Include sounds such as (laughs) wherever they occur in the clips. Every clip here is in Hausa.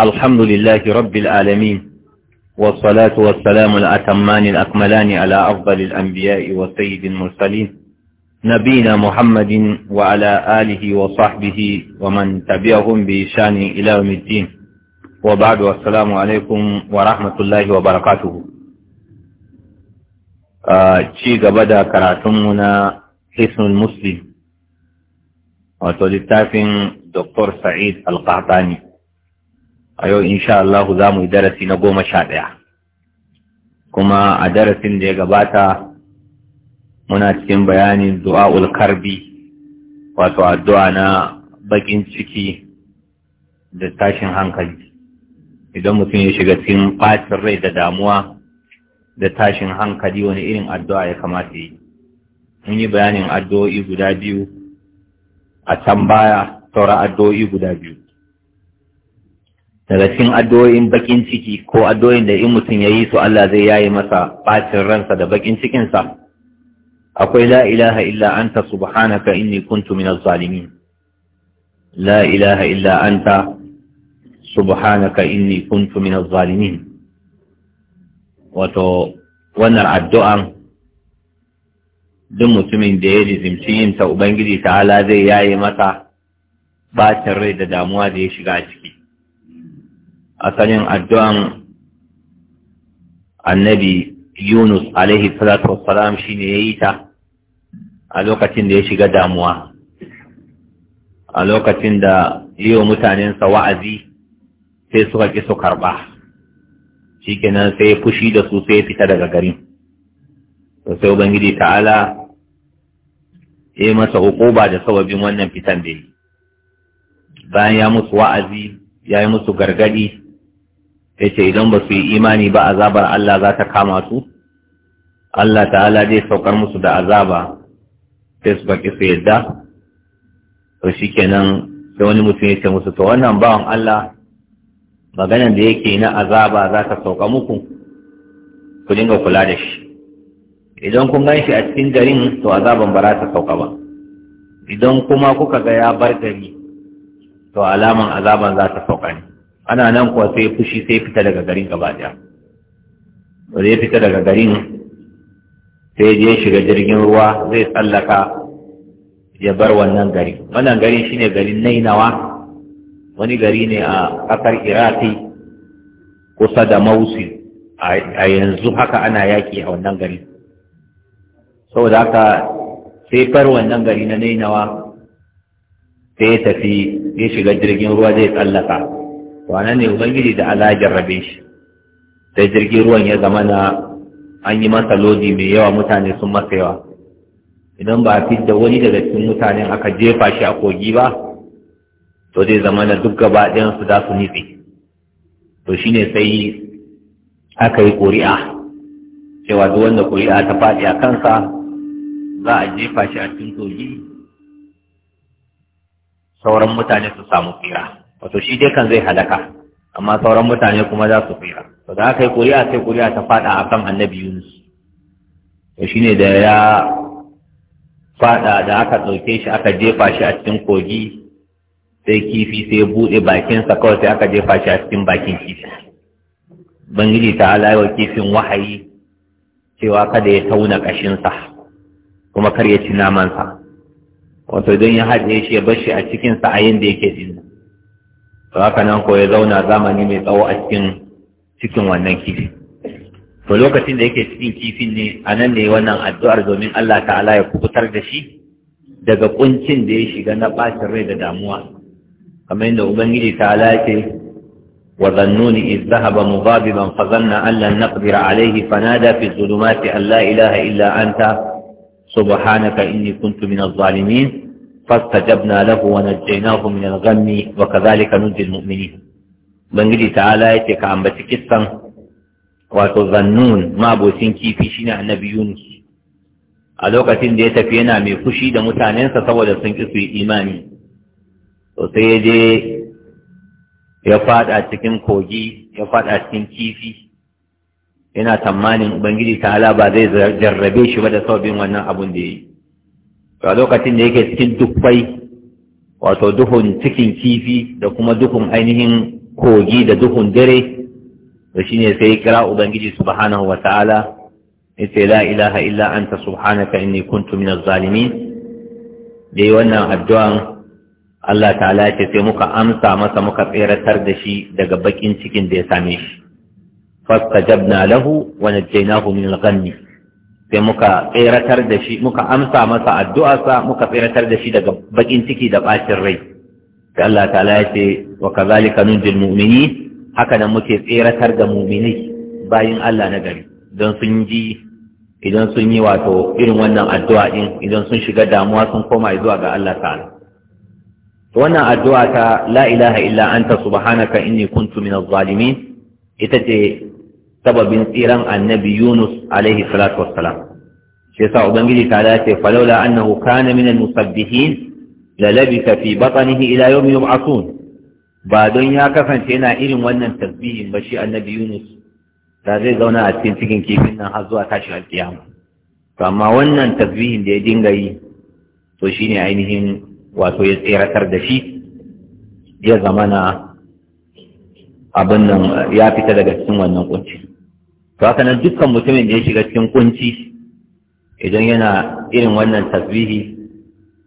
الحمد لله رب العالمين والصلاة والسلام الأتمان الأكملان على أفضل الأنبياء وسيد المرسلين نبينا محمد وعلى آله وصحبه ومن تبعهم بشان إلى يوم الدين وبعد والسلام عليكم ورحمة الله وبركاته ci آه، بدا كراتمنا حسن المسلم وتولي دكتور سعيد القعطاني a yau insha Allah za mu yi darasi na goma sha ɗaya kuma a darasin da ya gabata muna cikin bayanin du'a'ul karbi wato addu'a na bakin ciki da tashin hankali idan mutum ya shiga cikin ɓacin rai da damuwa da tashin hankali wani irin addu'a ya kamata yi mun yi bayanin addu'o'i guda biyu a can baya saura addu'o'i guda biyu daga cikin addu'o'in bakin ciki ko addu'o'in da in mutum ya yi su Allah zai yayi masa bacin ransa da bakin cikinsa akwai la ilaha illa anta subhanaka inni kuntu minaz zalimin la ilaha illa anta subhanaka inni kuntu minaz zalimin wato wannan addu'an duk mutumin da ya rizimci yin ta ubangiji ta'ala zai yayi masa bacin rai da damuwa da ya shiga a ciki asalin addu'an annabi Yunus alaihi salatu wassalam shi ne ya yi ta a lokacin da ya shiga damuwa, a lokacin da yi wa mutanensa wa'azi sai suka ƙi su karɓa, shi kenan sai fushi da su sai fita daga garin. Sai Ubangiji ta'ala ya yi masa hukuba da sababin wannan fitan da yi. Bayan ya musu wa'azi, ya yi musu gargaɗi, Ya ce idan ba su yi imani ba azabar Allah za ta kama su Allah ta'ala zai saukar musu da azaba sai su baki su yadda to kenan sai wani mutum ya ce musu to wannan bawan Allah maganan da yake na azaba za ta sauka muku ku dinga kula da shi idan kun gan shi a cikin garin to azaban ba za ta sauka ba idan kuma kuka ga ya bar gari to alaman azaban za ta sauka ne ana nan kuwa sai fushi sai fita daga garin gaba daya wanda ya fita daga garin sai je shiga jirgin ruwa zai tsallaka ya bar wannan gari wannan gari shine garin nainawa wani gari ne a ƙasar iraki kusa da mausil a yanzu haka ana yaƙi a wannan gari saboda haka sai far wannan gari na nainawa sai tafi ya shiga jirgin ruwa zai tsallaka wane ne ubangiji da ala jarrabe shi sai jirgin ruwan ya zama na an yi masa lodi mai yawa mutane sun masa yawa idan ba a fidda wani daga cikin mutanen aka jefa shi a kogi ba to zai zama na duk gaba ɗayan su za su nitse to shine sai aka yi ƙuri'a cewa duk wanda ƙuri'a ta faɗi a kansa za a jefa shi a cikin kogi sauran mutane su samu tsira wato shi dai kan zai halaka amma sauran mutane kuma za su fira. to da aka yi kuri'a sai kuri'a ta fada akan annabi Yunus to shine da ya fada da aka ɗauke shi aka jefa shi a cikin kogi sai kifi sai ya buɗe bakinsa kawai sai aka jefa shi a cikin bakin kifi bangiji ta halayewa kifin wahayi cewa kada ya tauna sa kuma kar ya ci namansa wato don ya haɗe shi ya bar shi a cikinsa a yanda yake dinna haka nan ko ya zauna zamani mai tsawo a cikin cikin wannan kifi to lokacin da yake cikin kifin ne a nan ne wannan addu'ar domin Allah ta'ala ya kubutar da shi daga kuncin da ya shiga na bacin rai da damuwa kamar yadda ubangiji ta'ala ya ce wa zannuni iz dhahaba mughadiban fa zanna an lan naqdira alayhi nada fi dhulumati an la ilaha illa anta subhanaka inni kuntu min adh-dhalimin fastajabna lahu wa najjaynahu min al-ghammi wa kadhalika nunjil mu'minin bangiji ta'ala yake ka ambaci kissan wato zannun mabocin kifi shine annabi Yunus a lokacin da ya tafi yana mai fushi da mutanensa saboda sun ƙi su yi imani to sai ya je ya fada cikin kogi ya fada cikin kifi yana tamanin ubangiji ta'ala ba zai jarrabe shi ba da sabbin wannan abun da ya yi a lokacin da yake cikin dufai wato duhun cikin kifi da kuma duhun ainihin kogi da duhun dare da shi ne sai kira ubangiji subhanahu wa ta'ala yace la ilaha illa anta subhanaka inni kuntu minaz zalimin dai wannan addu'an Allah ta'ala ce sai muka amsa masa muka tseratar da shi daga bakin cikin da ya same shi fastajabna lahu wa najjaynahu min al-ghammi sai muka tseratar da shi muka amsa masa addu'arsa muka tseratar da shi daga bakin ciki da bacin rai sai Allah ta'ala ya ce wa kazalika nunjil mu'mini haka nan muke tseratar da mu'minai bayin Allah na gari don sun ji idan sun yi wato irin wannan addu'a din idan sun shiga damuwa sun koma zuwa ga Allah ta'ala wannan addu'a ta la ilaha illa anta subhanaka inni kuntu minaz zalimin ita ce sababin tsiran annabi Yunus alaihi salatu wassalam shi yasa ubangiji ta dace falaula annahu kana min al-musabbihin la labisa fi batnihi ila yawmi yub'athun ba don ya kasance yana irin wannan tasbihin ba shi annabi Yunus da zai zauna a cikin cikin kifin nan har zuwa tashi alkiyama to amma wannan tasbihin da ya dinga yi to shine ainihin wato ya tsiratar da shi ya zamana abin nan ya fita daga cikin wannan kunci to haka nan dukkan mutumin da ya shiga cikin kunci idan yana irin wannan tasbihi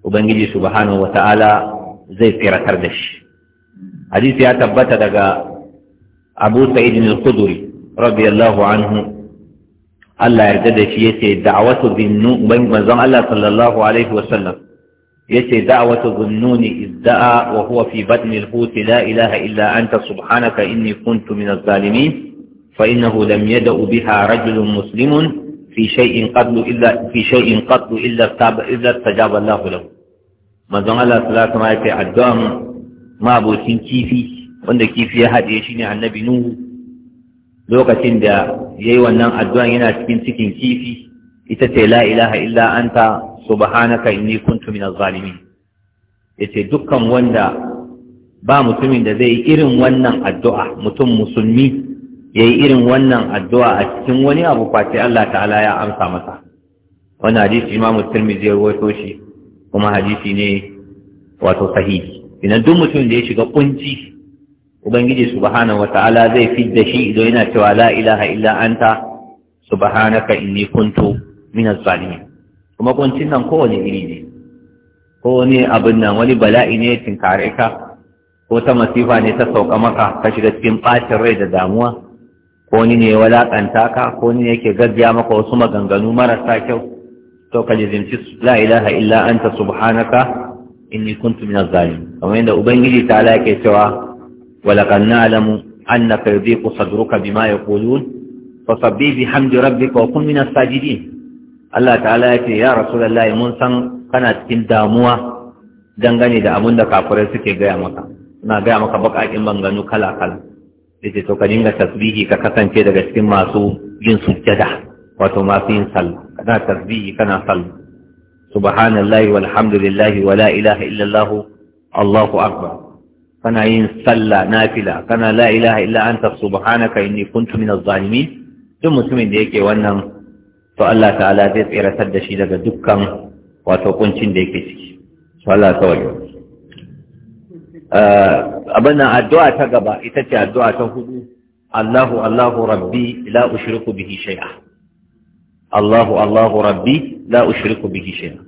ubangiji subhanahu wata'ala zai tsiratar da shi hadisi ya tabbata daga abu sa'id al-khudri radiyallahu anhu Allah yarda da shi yace da'watu binnu manzon Allah sallallahu alaihi wa wasallam yace da'watu dhunnuni izda'a wa huwa fi batni al-hut la ilaha illa anta subhanaka inni kuntu min adh-dhalimin fa innahu lam yad'u biha rajulun muslimun fi shay'in qadlu illa fi shay'in qadlu Allah lahu manzon Allah sallallahu alaihi addu'an mabocin kifi wanda kifi ya hade shi ne annabi nuhu lokacin da yayi wannan addu'an yana cikin cikin kifi ita ce la ilaha illa anta subhanaka inni kuntu minaz Ya yace dukkan wanda ba mutumin da zai yi irin wannan addu'a mutum musulmi ya yi irin wannan addu'a a cikin wani abu kwace Allah ta'ala ya amsa masa wani hadisi imamu tirmidhi ya wato shi kuma hadisi ne wato sahihi idan duk mutum da ya shiga kunci ubangiji wa ta’ala zai fi da shi idan yana cewa la ilaha illa anta ka inni kuntu min zalimin kuma kuncin nan kowane iri ne kowane abin nan wani bala'i ne tinkare ka ko ta masifa ne ta sauka maka ka shiga cikin ɓacin rai da damuwa ko ni ne walakanta ka ko ni ne yake gajiya maka wasu maganganu marasa kyau to ka jizimci la ilaha illa anta subhanaka inni kuntu min az kamar yadda ubangiji ta ala yake cewa walaqad na'lamu annaka yadhiqu sadruka bima yaqulun fasabbih bihamdi rabbika wa kun min as-sajidin Allah ta'ala yake ya rasulullahi mun san kana cikin damuwa dangane da abin da kafirai suke gaya maka suna gaya maka bakakin banganu kala kala yace to ka dinga tasbihi ka kasance daga cikin masu yin sujjada wato masu yin salla. kana tasbihi kana sallah subhanallahi walhamdulillahi wala ilaha illallah allahu akbar kana yin sallah nafila kana la ilaha illa anta subhanaka inni kuntu minaz zalimin duk mutumin da yake wannan to Allah ta'ala zai tsira da shi daga dukkan wato kuncin da yake ciki. Wallah kawai. abin nan addu'a ta gaba ita ce addu'a ta hudu Allahu Allahu rabbi la ushriku bihi shay'a Allahu Allahu rabbi la ushriku bihi shay'a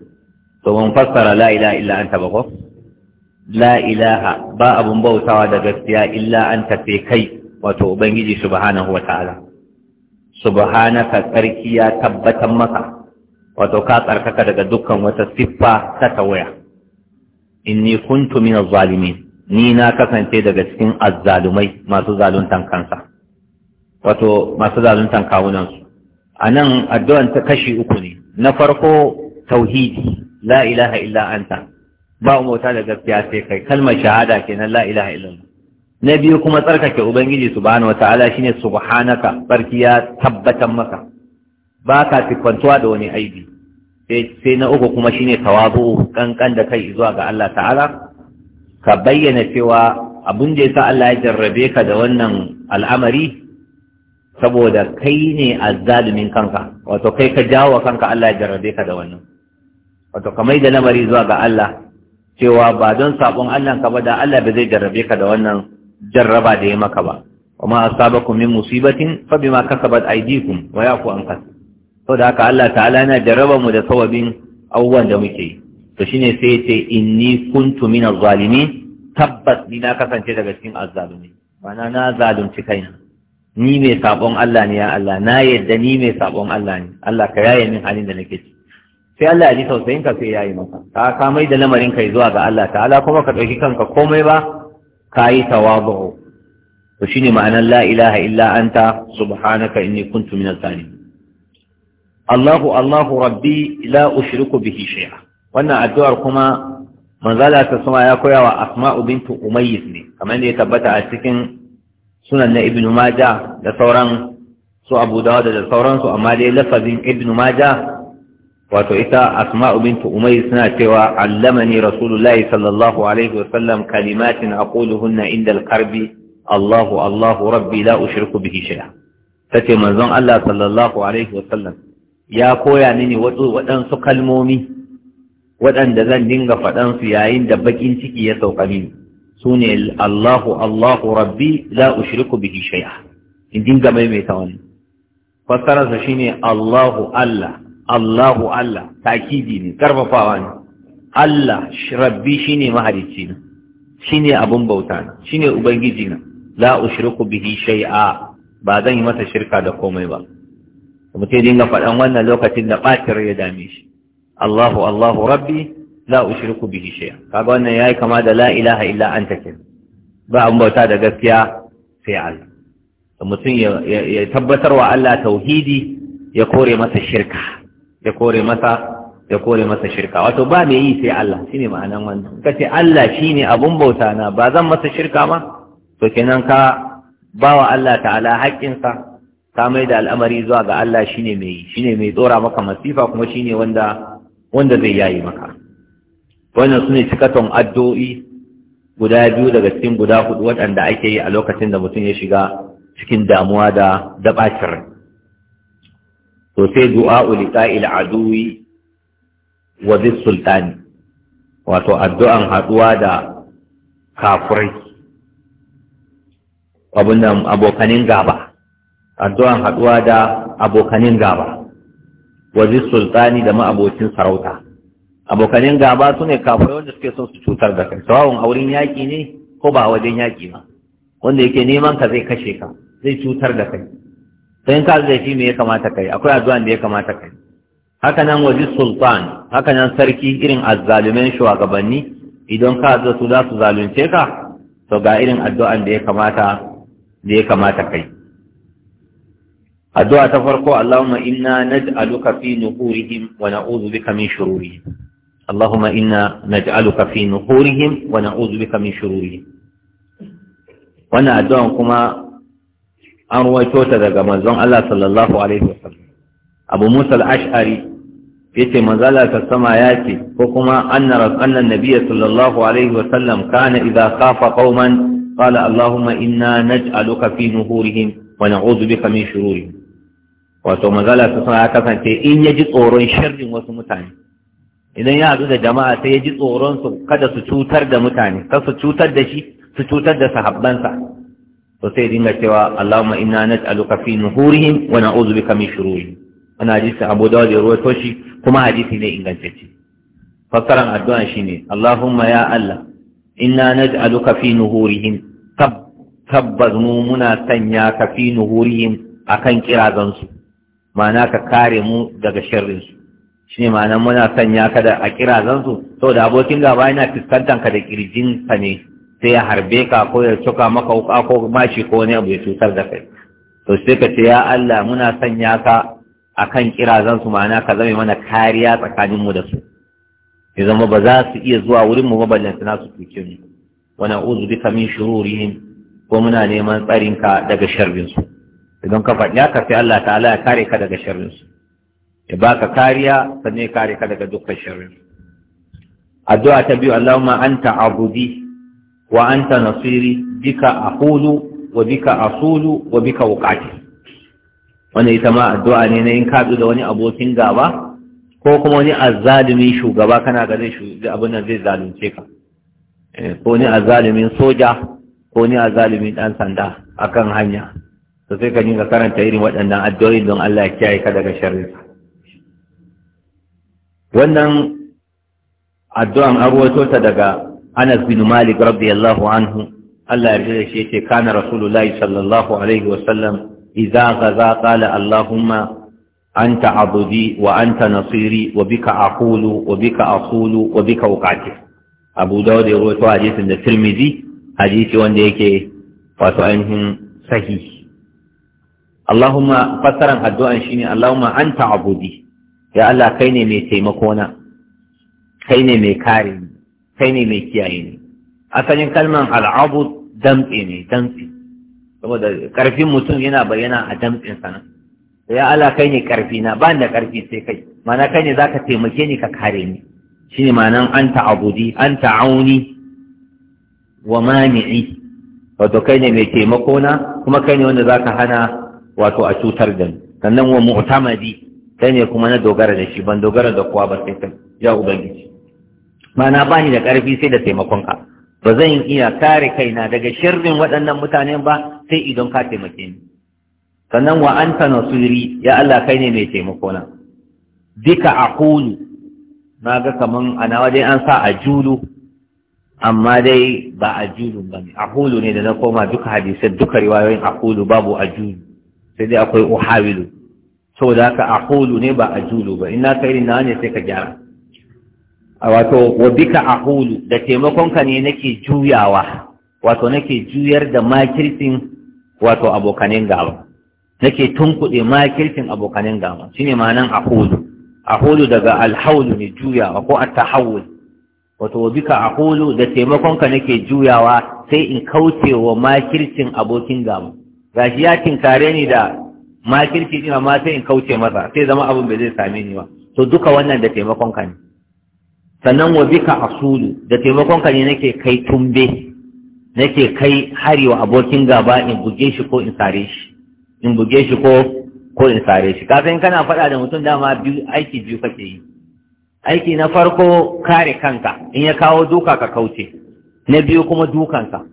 to mun fassara la ilaha illa anta ba ko la ilaha ba abun bautawa da gaskiya illa anta sai kai wato ubangiji subhanahu wataala subhanaka tsarki ya tabbatan maka wato ka tsarkaka daga dukkan wata siffa ta tawaya inni kuntu min zalimin ni na kasance daga cikin azzalumai masu zaluntan kansa wato masu zaluntan kawunansu a nan addu'an ta kashi uku ne na farko tauhidi la ilaha illa anta ba mota da gaskiya sai kai kalmar shahada kenan la ilaha illa na biyu kuma tsarkake ubangiji subhanahu wataala shine subhanaka barki ya tabbatar maka ba ka tikwantuwa da wani aibi sai na uku kuma shine tawabu, kankan da kai zuwa ga Allah ta'ala ka bayyana cewa abin da ya sa Allah ya jarrabe ka da wannan al'amari saboda kai ne a zalumin kanka wato kai ka jawo kanka Allah ya jarrabe ka da wannan wato kamar da lamari zuwa ga Allah cewa ba don sabon Allah ka ba da Allah ba zai jarrabe ka da wannan jarraba da ya maka ba min musibatin fa bima kasabat aydikum wa yaqu an كسب saboda haka Allah ta'ala yana jarraba mu da sawabin abubuwan da muke yi to shine sai in inni kuntu min zalimin tabbas ni na kasance daga cikin azzalumi Bana na zalunci kaina ni mai sabon Allah ne ya Allah na yadda ni mai sabon Allah ne Allah ka yaye min halin da nake ci sai Allah ya ji tausayin ka sai yayi maka ka ka mai da lamarin kai zuwa ga Allah ta'ala kuma ka dauki kanka komai ba kayi tawazu to shine ma'anar la ilaha illa anta subhanaka inni kuntu minaz zalimin Allahu Allahu rabbi la ushriku bihi shay'a wannan addu'ar kuma manzala ta ya koya wa asma'u bintu umayyis ne kamar da ya tabbata a cikin sunan na Ibn maja da sauran su abu dawud da sauransu amma dai lafazin Ibn maja wato ita asma'u bintu umayyis suna cewa allamani rasulullahi sallallahu alaihi wa sallam kalimatin aquluhunna inda alqarbi Allahu Allahu rabbi la ushriku bihi shay'a tace manzon Allah sallallahu alaihi ya koya mini waɗansu kalmomi waɗanda zan dinga faɗan su yayin da bakin ciki ya sauka mini su ne Allahu Allahu Rabbi la ushriku bihi shay'a in dinga maimaita wannan fassararsa shine Allahu Allah Allahu Allah takidi ne karfafawa ne Allah Rabbi shine mahalicci na shine abun bauta ne shine ubangiji na la ushriku bihi shay'a ba zan yi masa shirka da komai ba mutum dinga faɗan wannan lokacin da ɓacin ya dame shi Allahu Allahu rabbi la ushriku bihi shay'a kaga wannan yayi kama da la'ilaha ila illa anta ke ba an bauta da gaskiya sai Allah mutum ya tabbatar wa Allah tauhidi ya kore masa shirka ya kore masa shirka wato ba mai yi sai Allah shine ma'anan wannan kace Allah shine abun bauta na ba zan masa shirka ma to kenan ka bawa Allah ta'ala haƙƙinsa ka mai da al'amari zuwa ga Allah shine mai shine mai tsora maka masifa kuma shine wanda wanda zai yayi maka wannan su ne cikaton addu'o'i guda biyu daga cikin guda hudu waɗanda ake yi a lokacin da mutum ya shiga cikin damuwa da daɓacin to sai uli liqa'il aduwi wa sultani wato addu'an haɗuwa da kafurai abokanin gaba addu'an haɗuwa da abokanin gaba waje sultani da ma'abocin sarauta abokanin gaba su ne wanda suke son su cutar da kai sawawun auren yaƙi ne ko ba wajen yaƙi ba wanda yake neman ka zai kashe ka zai cutar da kai sai in ka zai shi me ya kamata kai akwai addu'an da ya kamata kai haka nan waje sultan haka nan sarki irin azzalumin shugabanni idan ka zo su za su zalunce ka to ga irin addu'an da ya kamata da ya kamata kai addu'a ta farko Allahumma inna naj'aluka fi nuhurihim wa na'udhu bika min shururihim Allahumma inna naj'aluka fi nuhurihim wa na'udhu bika min shururihim wannan addu'an kuma an ruwaito ta daga manzon Allah sallallahu alaihi wasallam Abu Musa al-Ash'ari yace manzala ta sama ya ce ko kuma anna annan nabiyyi sallallahu alaihi wasallam kana idza khafa qauman qala Allahumma inna naj'aluka fi nuhurihim wa na'udhu bika min shururihim wato manzala su suna kasance in ya ji tsoron shirin wasu mutane idan ya haɗu da jama'a sai ya ji tsoron su kada su cutar da mutane kar su cutar da shi su cutar da sahabbansa to sai dinga cewa Allahumma inna nas'aluka fi nuhurihim wa na'udhu bika min shururihim wannan hadisi Abu Dawud ya rawaito shi kuma hadisi ne ingantacce fassaran addu'a shine Allahumma ya Allah inna naj'aluka fi nuhurihim tab tabbaz mu muna sanya ka fi nuhurihim akan kirazansu ma'ana ka kare mu daga sharrinsu shi ne ma'ana muna sanya ka da a kirazansu da abokin gaba yana fuskantar da kirjinsa ne sai ya harbe ka ko ya cuka maka wuka ko mashi ko wani abu ya cutar da kai to sai ka ce ya Allah muna sanya ka akan kirazansu ma'ana ka zame mana kariya tsakanin mu da su ya zama ba za su iya zuwa wurin mu ba ballantana su cuce mu wa na'udhu bika min shururihim ko muna neman tsarinka daga su idan ka faɗi haka sai Allah ta'ala ya kare ka daga sharrinsu ya baka kariya sannan ya kare ka daga dukkan sharrin addu'a ta biyu Allahumma anta abudi wa anta nasiri bika aqulu wa bika asulu wa bika uqati wannan ita ma addu'a ne na in ka da wani abokin gaba ko kuma wani azzalimin shugaba kana ga zai abin nan zai zalunce ka eh, ko ni azzalimin soja ko ni azzalimin dan sanda akan hanya to sai ka dinga karanta irin waɗannan addu'o'i don Allah ya kiyaye ka daga sharrinsa wannan addu'an an ta daga Anas bin Malik radiyallahu anhu Allah ya da shi yace kana Rasulullahi sallallahu alaihi wa sallam idza ghaza qala Allahumma anta abudi wa anta nasiri wa bika aqulu wa bika aqulu wa bika uqatil Abu Dawud ya ruwaito hadisin da Tirmidhi hadisi wanda yake wato ainihin sahihi Allahumma fassara addu'an shine Allahumma anta abudi ya Allah kai ne mai taimako na kai ne mai kare ni kai ne mai kiyaye ni asalin kalman al'abud damtse ne damtse saboda karfin mutum yana bayyana a damtsin sana ya Allah kai ne karfi na ba da karfi sai kai mana kai ne zaka taimake ni ka kare ni shine ma'anan anta abudi anta auni wa mani'i wato kai ne mai taimako na kuma kai ne wanda zaka hana wato a cutar da ni sannan wa mu'tamadi Sai ne kuma na dogara da shi ban dogara da kowa ba sai kai ya ubangiji ma'ana ba ni da karfi sai da taimakon ka ba zan iya kare kaina daga shirrin waɗannan mutane ba sai idan ka taimake ni sannan wa anta nasiri ya Allah kai ne mai taimako na dika aqulu na ga kaman ana dai an sa a julu amma dai ba a julu ba ne a ne da na koma duka hadisai duka riwayoyin a babu a julu sai dai akwai uhawilu saboda haka ahulu ne ba julu ba ina ka irin na ne sai ka gyara a wato wa bika ahulu da taimakonka ne nake juyawa wato nake juyar da makircin wato abokanin gaba nake tunkuɗe makircin abokanin gaba shine ma'anan ahulu ahulu daga alhaulu ne juyawa ko ta tahawul wato wa bika ahulu da taimakonka nake juyawa sai in kauce wa makircin abokin gaba gashi ya tinkare ni da makirci din amma sai in kauce masa sai zama abin bai zai same ni ba to duka wannan da taimakon ka ne sannan wa bika asulu da taimakon ka ne nake kai tumbe nake kai hari wa abokin gaba in buge shi ko in sare shi in buge shi ko ko in sare shi kafin kana faɗa da mutum dama biyu aiki biyu kake yi aiki na farko kare kanka in ya kawo duka ka kauce na biyu kuma dukanka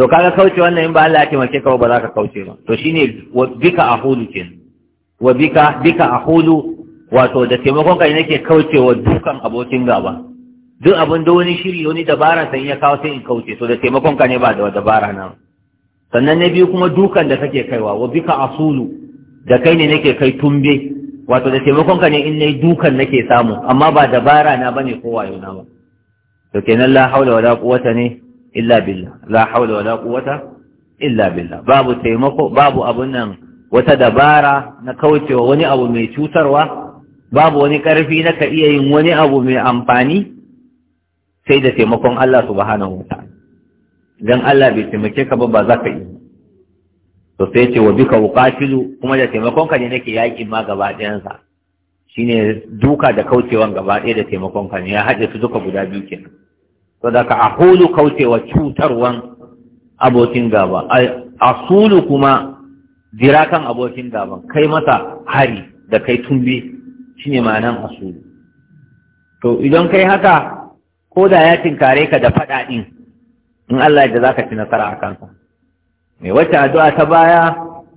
to kaga kauce wannan in ba Allah ya taimake ka ba za ka kauce ba to shine wa bika ahulu kin wa bika bika ahulu wato da taimakon ka nake kaucewa dukan abokin gaba duk abin da wani shiri wani dabara sai ya kawo sai in kauce to da taimakon ka ne ba da dabara na sannan na biyu kuma dukan da kake kaiwa wa bika asulu da kai ne nake kai tumbe wato da taimakon ka ne in nayi dukan nake samu amma ba dabara na bane ko wayo na ba to kenan la haula wala quwwata ne illa billah la haula wala quwwata illa billah babu taimako babu abun nan wata dabara na kaucewa wani abu mai cutarwa babu wani karfi na ka iya yin wani abu mai amfani sai da taimakon Allah subhanahu wa ta'ala dan Allah bai taimake ka ba ba za ka yi to sai ce wa bika uqatilu kuma da taimakon ka ne nake yakin ma gaba ɗayan sa shine duka da kaucewan gaba ɗaya da taimakon ka ne ya haɗe su duka guda biyu kenan sadaka a hulu kaucewa cutarwan abokin gaba a sulu kuma jira kan abokin gaban kai masa hari da kai tumbi shine ma'anan asulu to idan kai haka ko da ya tinkare ka da faɗa ɗin in Allah da za ka ci nasara a kansa mai wacce addu'a ta baya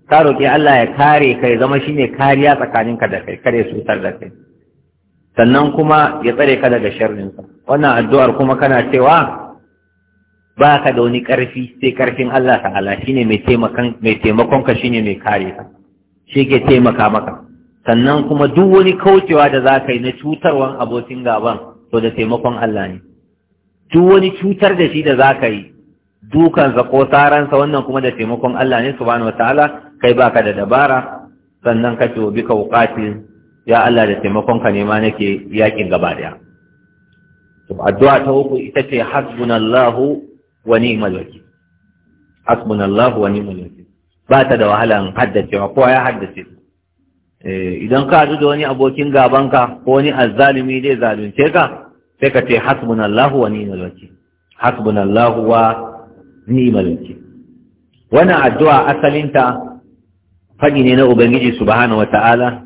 ta roƙi Allah ya kare ka ya zama shine kariya tsakaninka da kai kare cutar da kai sannan kuma ya tsare ka daga sharrinsa wannan addu'ar kuma kana cewa ba ka da wani ƙarfi sai ƙarfin Allah ta'ala shi ne mai taimakonka shi ne mai kare ka shi ke taimaka maka sannan kuma duk wani kaucewa da za ka yi na cutarwan abokin gaban to da taimakon Allah ne duk wani cutar da shi da za ka yi dukansa ko saransa wannan kuma da taimakon Allah ne bani wataala kai ba ka da dabara sannan ka ce ka wuqatil ya Allah da taimakon ka ne ma nake yakin gaba ɗaya. to addu'a ta uku ita ce hasbunallahu wa ni'mal wakil hasbunallahu wa ni'mal wakil ba ta da wahalan haddacewa kowa ya haddace eh, idan ka haɗu da wani abokin gabanka ko wani azzalumi zai zalunce ka sai ka ce hasbunallahu wa ni'mal wakil hasbunallahu wa ni'mal wakil wannan addu'a asalinta faɗi ne na ubangiji subhanahu wata'ala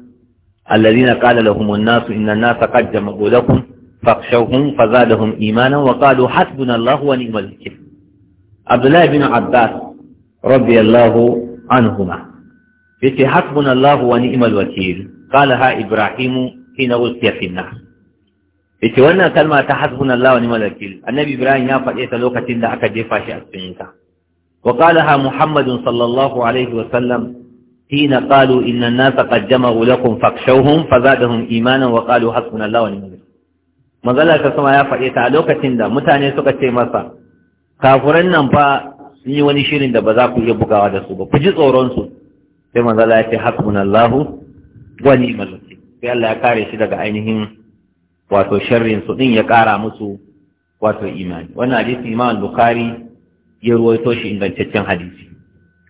allazina qala lahumun nasu inna an-nasa qad jama'u lakum فاخشوهم فزادهم إيمانا وقالوا حسبنا الله ونعم الوكيل عبد الله بن عباس رضي الله عنهما في حسبنا الله ونعم الوكيل قالها إبراهيم حين ألقي في النار في وانا كلمة حسبنا الله ونعم الوكيل النبي إبراهيم يا فقيت لوكة دا أكدفا أسفنك وقالها محمد صلى الله عليه وسلم حين قالوا إن الناس قد جمعوا لكم فاخشوهم فزادهم إيمانا وقالوا حسبنا الله ونعم الوكيل magana ta sama ya faɗe ta a lokacin da mutane suka ce masa kafuran nan fa sun yi wani shirin da ba za ku iya bugawa da su ba ku ji tsoronsu sai manzala ya ce hasbunallahu wa ni'mal wakil sai Allah ya kare shi daga ainihin wato sharrin su din ya kara musu wato imani wannan hadisi Imam Bukhari ya ruwaito shi ingantaccen hadisi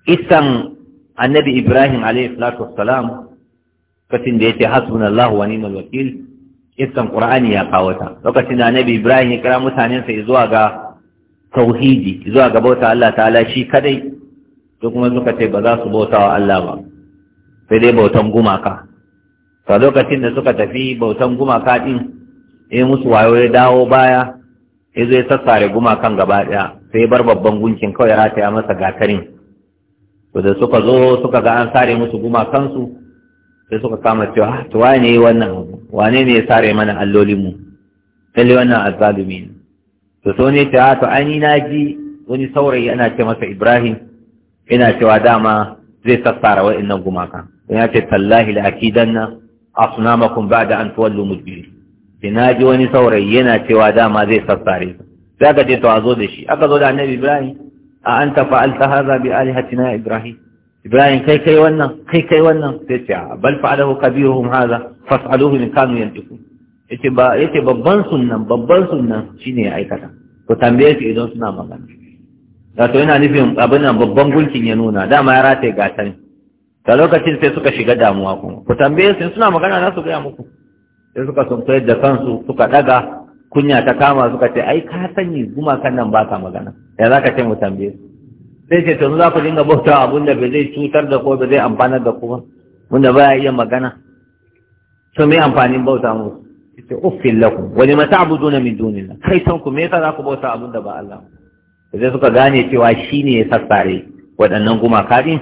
isan annabi Ibrahim alayhi salatu wassalam katin da yace hasbunallahu wa ni'mal wakil iskan qur'ani ya kawo ta lokacin da annabi ibrahim ya kira mutanen sa zuwa ga tauhidi zuwa ga bauta Allah ta'ala shi kadai to kuma suka ce ba za su bauta wa Allah ba sai dai bautan gumaka to lokacin da suka tafi bautan gumaka din eh musu wayo ya dawo baya ya zo ya sassare gumakan gaba daya sai bar babban gunkin kawai rataya masa gatarin to da suka zo suka ga an sare musu gumakansu sai suka kama cewa ah, to wane yi wannan wane ne ya sare mana allolinmu lalle wannan azzalumi ne to so ne ta to ani na ji wani saurayi ana ce masa ibrahim ina cewa dama zai sassara wa'annan gumaka ya ce tallahi la akidanna asnamakum ba'da an tuwallu mudbiri ina ji wani saurayi yana cewa dama zai sassare sai aka ce to a zo da shi aka zo da annabi ibrahim a anta fa'alta hadha bi alihatina ibrahim ibrahim kai kai wannan kai kai wannan sai ce ah, bal fa'alahu kabiruhum hadha fas'aluhu in kanu yantiqu yace ba yace babban sunnan babban sunnan shine ya aikata ko tambaye su idan suna magana wato yana nufin abin nan babban gulkin ya nuna dama ya rataye gatan ta lokacin sai suka shiga damuwa kuma ku tambaye su suna magana za su gaya muku sai suka sunkuyar da kansu suka daga kunya ta kama suka ce ai ka sani kan nan ba ka magana ya za ce mu tambaye su zai ce tunu za ku dinga bauta abun da bai zai cutar da ko bai zai amfanar da ku ba wanda ya iya magana to me amfanin bauta mu ce uffin Wani mata abu ta'buduna min duniya. kai san ku me yasa za ku bauta abun da ba Allah sai suka gane cewa shine ya sassare waɗannan gumaka din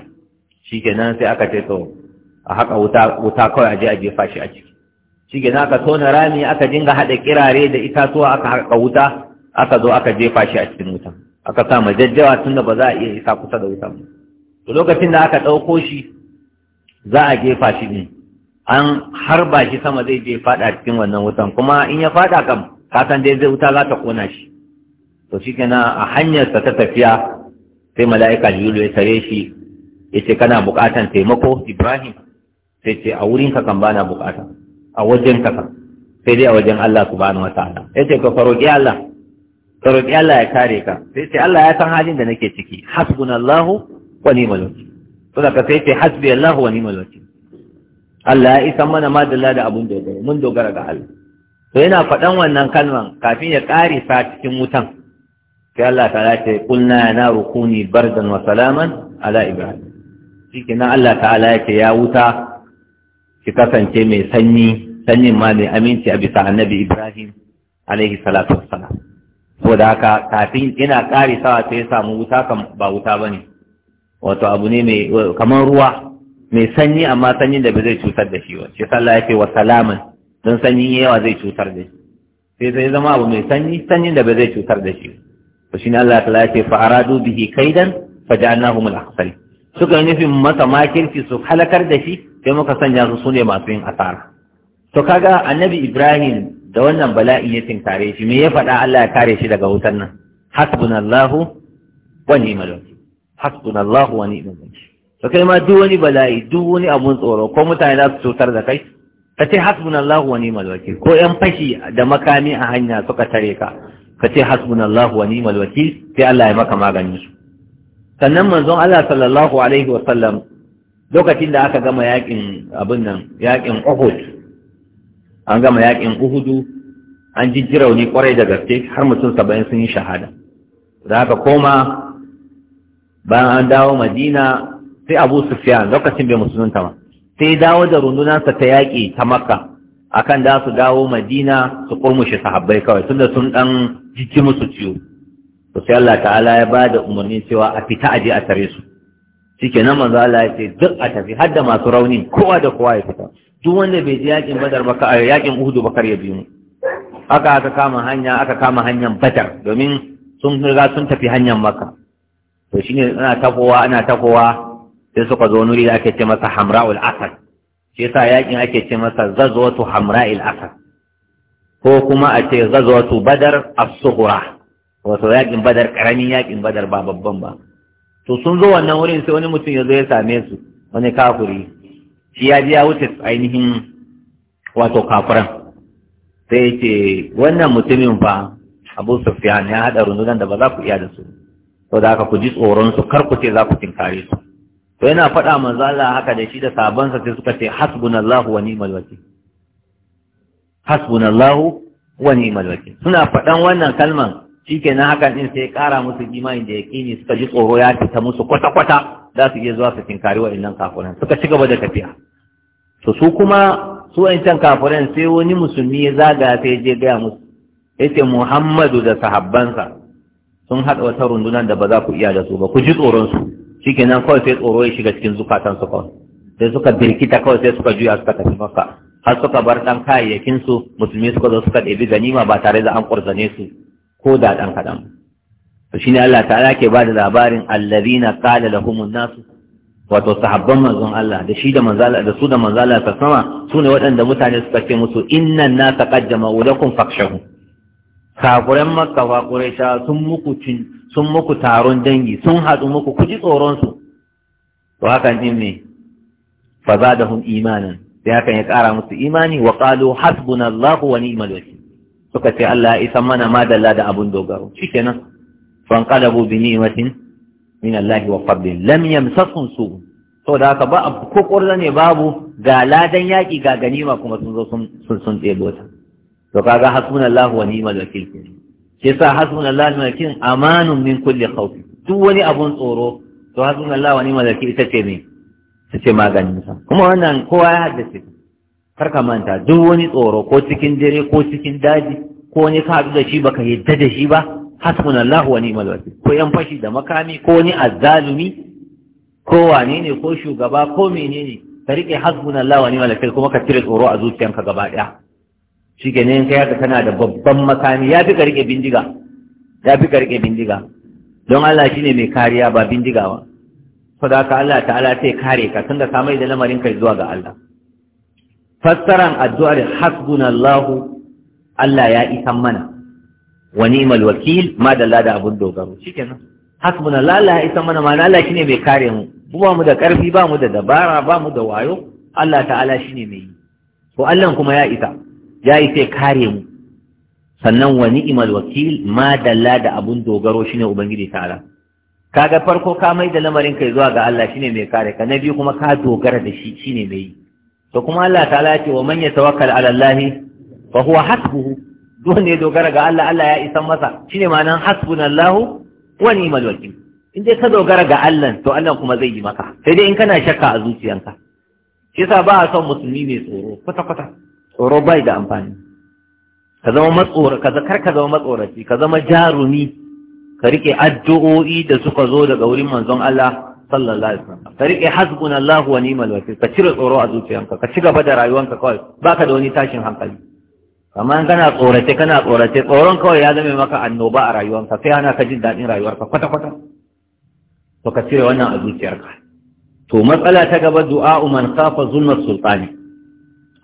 nan sai aka ce to a haka wuta kawai aje a jefa shi a ciki nan aka tona rami aka dinga haɗa kirare da itatuwa aka haka wuta aka zo aka jefa shi a cikin wutan aka sa ma majajjawa tunda ba za a iya isa kusa da wutan to lokacin da aka ɗauko shi za a jefa shi ne an harba shi sama zai je faɗa cikin wannan wutan kuma in ya faɗa kam ka san dai zai wuta za ta kona shi to shi kenan a hanyarsa ta tafiya sai mala'ika jibrilu ya tare shi ya ce kana buƙatan taimako ibrahim sai ce a wurin ka kan bana buƙata a wajen ka kan sai dai a wajen Allah subhanahu ta'ala ya ce ka faroƙi Allah ka roƙi Allah ya kare ka sai sai Allah ya san halin da nake ciki hasbunallahu wa ni'mal wakil saboda ka sai sai hasbiyallahu Allah wa ni'mal wakil Allah ya isa mana madalla da abun dogaro mun dogara ga Allah to yana faɗan wannan kalman kafin ya kare sa cikin wutan sai Allah ta ce kulna na rukuni bardan wa salaman ala ibrahim na Allah ta'ala ya ce ya wuta ki kasance mai sanyi sanyin ma mai aminci a bisa annabi ibrahim alaihi salatu wassalam saboda haka kafin yana ƙari sawa sai ya samu wuta kan ba wuta ba ne wato abu ne mai kamar ruwa mai sanyi amma sanyin da ba zai cutar da shi ba shi sallah ya ce wa salaman don sanyin yawa zai cutar da shi sai sai zama abu mai sanyi sanyin da ba zai cutar da shi Ba shi ne Allah ta lafi fa aradu bihi kaidan faja'alnahum al-akhsari suka nufin masa makirci su halakar da shi sai muka sanya su sune masu yin asara to kaga annabi Ibrahim da wannan bala'in ya tinkare shi me ya faɗa Allah ya kare shi daga wutan nan hasbunallahu wa ni'mal wakil hasbunallahu wa ni'mal wakil to kai ma duk wani bala'i duk wani abun tsoro ko mutane za su cutar da kai ka ce hasbunallahu wa ni'mal wakil ko yan fashi da makami a hanya suka tare ka ka ce hasbunallahu wa ni'mal wakil sai Allah ya maka maganin su sannan manzon Allah sallallahu alaihi wa sallam lokacin da aka gama yakin abin nan yakin Uhud an gama yaƙin uhudu an ji rauni kwarai da gaske har mutum saba'in sun yi shahada da haka koma bayan an dawo madina sai abu sufiyan lokacin bai musulunta ba sai dawo da rundunarsa ta yaƙi ta makka akan da su dawo madina su kurmushe sahabbai kawai tun da sun dan jiki musu ciwo to sai Allah ta'ala ya bada da umarni cewa a fita aje a tare su shikenan manzo Allah ya ce duk a tafi har da masu rauni kowa da kowa ya fita duk wanda bai ji yakin badar ba ka yakin uhudu ba kar ya biyu aka aka kama hanya aka kama hanyar badar domin sun riga sun tafi hanyar maka to shine ana tafowa ana tafowa sai suka zo nuri ake ce masa hamra'ul asad shi yasa yakin ake ce masa zazwatu hamra'il asad ko kuma a ce zazwatu badar as-sughra wato yakin badar karamin yakin badar ba babban ba to sun zo wannan wurin sai wani mutum ya zo ya same su wani kafuri shi ya ji ya wuce ainihin wato kafiran sai ya ce wannan mutumin fa abu sufiyan ya haɗa rundunan da ba za ku iya da su to da haka ku ji tsoron su kar ku ce za ku tinkare su to yana faɗa manzala haka da shi da sabansa sai suka ce hasbunallahu wa ni'mal wakil hasbunallahu wa ni'mal wakil suna faɗan wannan kalman nan haka ɗin sai kara musu imani da yaqini suka ji tsoro ya fita musu kwata kwata za su iya zuwa su tinkari innan kafuran suka ci gaba da tafiya to su kuma su can kafuran sai wani musulmi ya zaga sai je gaya musu ce Muhammadu da sahabbansa sun haɗa wata rundunar da ba za ku iya da su ba ku ji tsoron su nan kawai sai tsoro ya shiga cikin zukatan su kawai sai suka birkita kawai sai suka juya suka tafi maka har suka bar ɗan kayayyakin su musulmi suka zo suka ɗebi ganima ba tare da an ƙwarzane su ko da ɗan kaɗan to Allah ta'ala ke ba da labarin allazina qala lahumun nasu wato sahabban manzon Allah da shi da manzala da su da manzala ta sama su ne waɗanda mutane suka ce musu innan nasa qad jama'u lakum fakhshahu kafuran makka fa quraisha sun muku sun muku taron dangi sun haɗu muku ku ji tsoron su to hakan din ne fa zadahum imanan sai hakan ya ƙara musu imani wa qalu hasbunallahu wa ni'mal wakeel suka ce Allah ya isa mana madalla da abun dogaro shikenan fan qalabu bi ni'matin min Allah wa fadlin lam yamsasun su saboda haka ba abu ko kurza ne babu ga ladan yaki ga ganima kuma sun zo sun sun tsebo ta to kaga hasbunallahu wa ni'mal wakil Ke sa hasbunallahu wa ni'mal amanun min kulli khawf duk wani abun tsoro to hasbunallahu wa ni'mal wakil ita ce me ita ce maganin sa kuma wannan kowa ya haddace karka manta duk wani tsoro ko cikin dare ko cikin daji ko wani ka haɗu da shi baka yadda da shi ba Allah wa ni'mal wakil ko yan fashi da makami ko wani azzalumi ko wane ne ko shugaba ko menene ka rike Allah wa ni'mal wakil kuma ka cire tsoro a zuciyanka gaba ɗaya shi ke ne kai haka tana da babban makami ya fi ka rike bindiga ya fi ka rike bindiga don Allah shine mai kariya ba bindigawa saboda haka Allah ta'ala sai kare ka tunda ka da lamarin kai zuwa ga Allah fassaran addu'ar hasbunallahu Allah ya isan mana wa ni'mal wakil ma da lada abun dogaro shikenan hasbunallahu Allah ya isan mana ma Allah shine mai kare mu ba mu da karfi ba mu da dabara ba mu da wayo Allah ta'ala shine mai yi ko Allah kuma ya isa ya isa kare mu sannan wa ni'mal wakil ma dalla da abun dogaro shine ubangiji ta'ala kaga farko ka mai da lamarin kai zuwa ga Allah shine mai kare ka na biyu kuma ka dogara da shi shine mai yi to kuma Allah ta'ala ya ce wa man yatawakkal ala Allah fa huwa hasbuhu duk ne dogara ga Allah Allah ya isan masa shine ma'anan hasbunallahu wa ni'mal wakil in dai ka dogara ga Allah to Allah kuma zai yi maka sai dai in kana shakka a zuciyanka shi yasa ba a son musulmi mai tsoro kwata kwata tsoro bai da amfani ka zama matsora ka kar ka zama matsoraci ka zama jarumi ka rike addu'o'i da suka zo daga wurin manzon Allah sallallahu alaihi wasallam ka rike hasbuna Allahu wa ni'mal wakil ka cire tsoro a zuciyarka. ka ci gaba da rayuwarka kawai baka da wani tashin hankali amma kana tsorace kana tsorace tsoron kawai ya zame maka annoba a rayuwarka. sai ana ka jin daɗin rayuwarka kwata kwata to ka cire wannan a zuciyarka to matsala ta gaba du'a man khafa zulmat sultani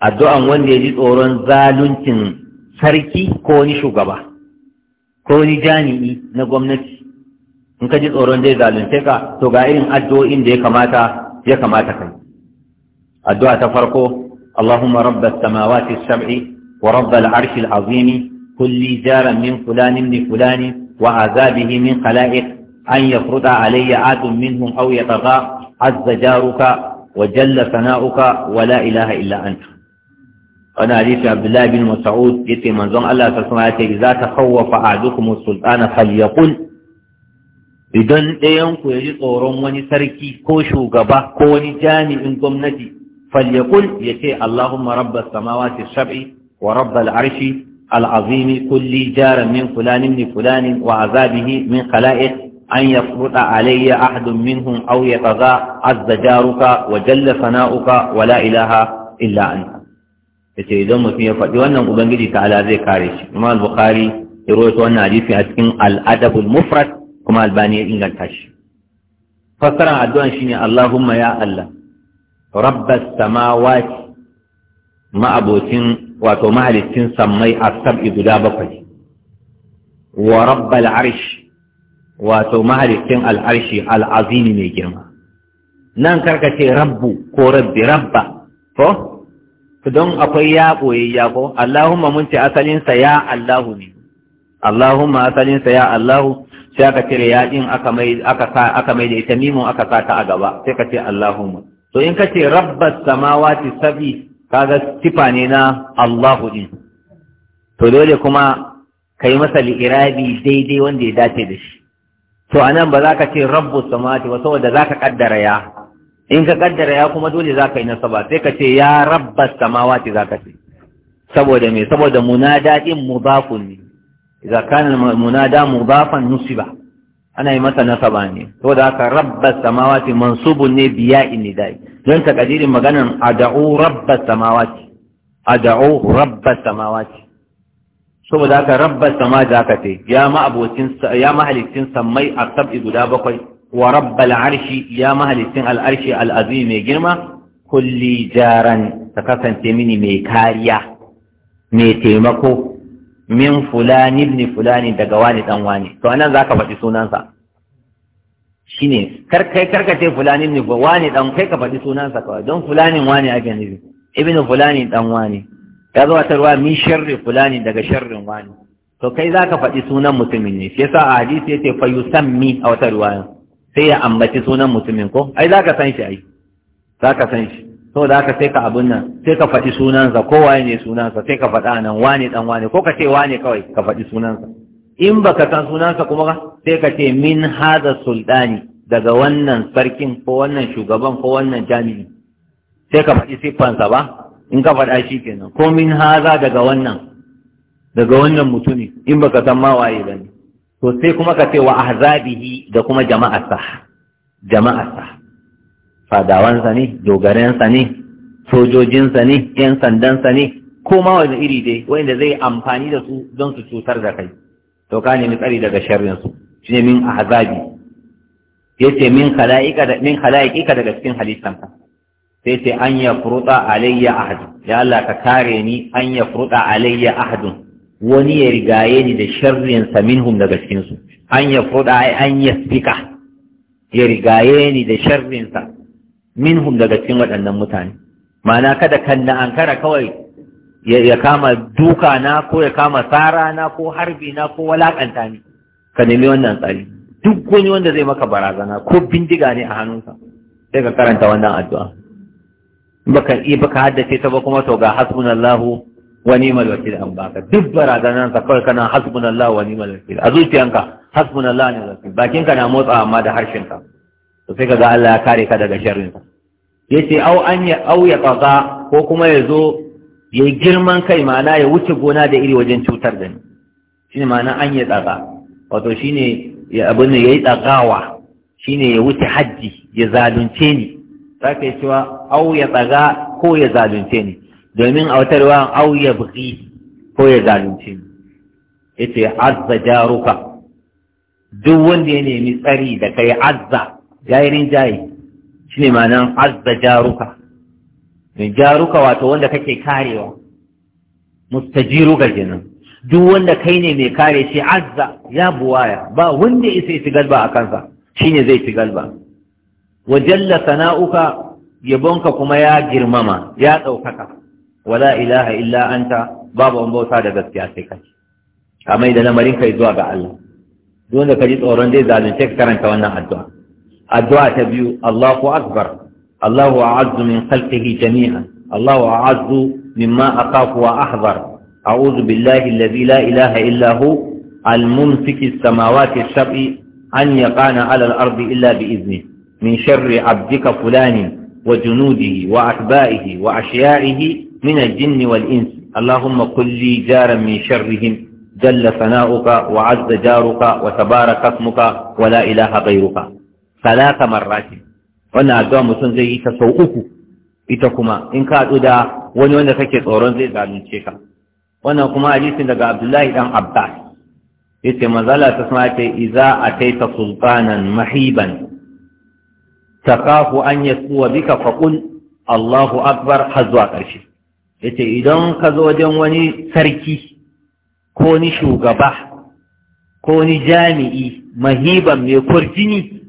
addu'an wanda ya ji tsoron zaluncin sarki ko wani shugaba ko wani jami'i na gwamnati in ka ji tsoron zai zalunce ka to ga irin addu'o'in da ya kamata ya kamata kai addu'a ta farko اللهم رب السماوات السبع ورب العرش العظيم كل جار من فلان من فلان وعذابه من خلائق أن يفرض علي عاد منهم أو يطغى عز جارك وجل ثناؤك ولا إله إلا أنت أنا حديث عبد الله بن مسعود يتي منظم الله سبحانه وتعالى إذا تخوف أعدكم السلطان فليقل idan ɗayanku ya ji tsoron wani sarki ko shugaba ko wani jami'in gwamnati falyakul ya ce Allahumma rabbas samawati sab'i wa rabbal arshi al'azimi kulli jaran min fulanin ni fulanin wa azabihi min khala'iq an yafruta alayya ahadun minhum aw yataza azza jaruka wa jalla sana'uka wa la ilaha illa anta yace idan mutum ya faɗi wannan ubangiji ta'ala zai kare shi imam al-bukhari ya rawaito wannan hadisi a cikin al-adabul mufrad kuma albani ya inganta shi fassara addu'an shine Allahumma ya Allah rabbas samawati ma'abocin wato mahalicin samai as-sab'i guda bakwai wa rabbal arsh wato mahalicin al al'azimi mai girma nan ce rabbu ko rabbi rabba ko don akwai ya ɓoye ya ko Allahumma mun ce asalinsa ya Allahu ne Allahumma asalinsa ya Allahu sai aka cire yaɗin aka mai da ita mimun aka sa ta a gaba sai ka ce Allahumma to in ka ce rabbas samawati sabi kaga sifa ne na Allahu din to dole kuma ka yi masa li'irabi daidai wanda ya dace da shi to a nan ba za ka ce rabbus samawati ba saboda za ka kaddara ya in ka kaddara ya kuma dole za ka yi nasaba sai ka ce ya rabbas samawati za ka ce saboda me saboda munada din mudafun ne idza kana munada mudafan nusiba ana yi masa nasaba ne saboda haka rabbas samawati mansubun ne biya nidai don takadirin maganan ad'u rabbas samawati ad'u rabbas samawati saboda haka rabbas sama da aka ce ya ma'abocin ya mahalicin sammai a sab'i guda bakwai wa rabbal arshi ya mahalicin al'arshi al'azimi mai girma kulli jaran ta kasance mini mai kariya mai taimako min fulani ibn fulani daga wani dan wani to anan zaka faɗi sunansa shine kar kai karkace fulani ibn wani dan kai ka faɗi sunansa kawai don fulani wani ake nufi ibn fulani dan wani ya zo ta ruwa min sharri fulani daga sharrin wani to kai zaka faɗi sunan mutumin ne shi yasa a hadisi yace fa yusammi a wata ruwaya sai ya ambaci sunan mutumin ko ai zaka san shi ai zaka san shi so da haka sai ka abun nan sai ka faɗi sunansa ko waye ne sunansa sai ka faɗa nan wane ɗan wane ko ka ce wane kawai ka faɗi sunansa in ba ka san sunansa kuma sai ka ce min haza sultani daga wannan sarkin ko wannan shugaban ko wannan jami'i sai ka faɗi siffansa ba in ka faɗa shi kenan ko min haza daga wannan daga wannan mutumi in ka san ma waye ba ne to sai kuma ka ce wa ahzabihi da kuma jama'arsa jama'arsa fadawansa ne dogarensa ne sojojinsa ne yan sandansa ne ko ma wani iri dai wanda zai amfani da su don su cutar da kai to ka nemi tsari daga sharrin su ne min azabi yace min khalaika da min khalaika daga cikin ka sai ce an ya furuta alayya ahad ya Allah ka kare ni an ya furuta alayya ahad wani ya rigaye ni da sharrin sa minhum daga cikin su an ya furuta ai an ya sika ya rigaye ni da sharrin sa minhum daga cikin waɗannan mutane ma'ana kada kan na ankara kawai ya kama duka na ko ya kama tsara na ko harbi na ko walakanta ni ka nemi wannan tsari duk wani wanda zai maka barazana ko bindiga ne a hannunsa sai ka karanta wannan addu'a baka yi baka haddace ta ba kuma to ga hasbunallahu wa ni'mal wakil an baka duk barazanan ka kawai kana hasbunallahu wa ni'mal wakil a zuciyanka hasbunallahu wa ni'mal wakil bakinka na motsa amma da harshenka to sai kaga Allah ya kare ka daga sharrin sa yace au an ya au ya qaza ko kuma yazo ya girman kai ma'ana ya wuce gona da iri wajen cutar da ni shine ma'ana an ya tsaga wato shine ya abun ne yayi tsagawa shine ya wuce haji ya zalunce ni saka yi cewa au ya tsaga ko ya zalunce ni domin a wata ruwa au ya buƙi ko ya zalunce ni yace azza jaruka duk wanda ya nemi tsari da kai azza jayirin jayi shi ne nan azza jaruka jaruka wato wanda kake karewa mustajiru ga kenan duk wanda kai ne mai kare shi azza ya buwaya ba wanda isa ci galba a kansa shi ne zai ci galba wa jalla sana'uka yabonka kuma ya girmama ya ɗaukaka wala ilaha illa anta babu an bauta da gaskiya sai kai kamar da lamarin kai zuwa ga Allah duk wanda ka ji tsoron zai zalunce ka karanta wannan addu'a الدعاء تبيو الله أكبر الله أعز من خلقه جميعا الله أعز مما أخاف وأحذر أعوذ بالله الذي لا إله إلا هو الممسك السماوات الشرع أن يقان على الأرض إلا بإذنه من شر عبدك فلان وجنوده وأتباعه وأشيائه من الجن والإنس اللهم قل لي جارا من شرهم جل ثناؤك وعز جارك وتبارك اسمك ولا إله غيرك salasa marratin wannan addu'a mutum zai yi ta sau uku ita kuma in ka haɗu da wani wanda kake tsoron zai zalunce ka wannan kuma hadisin daga abdullahi dan abbas yace mazala ta sama ce iza ataita sultanan mahiban takafu an yasuwa bika faqul allahu akbar har zuwa ƙarshe yace idan ka zo wajen wani sarki ko ni shugaba ko ni jami'i mahiban mai kurjini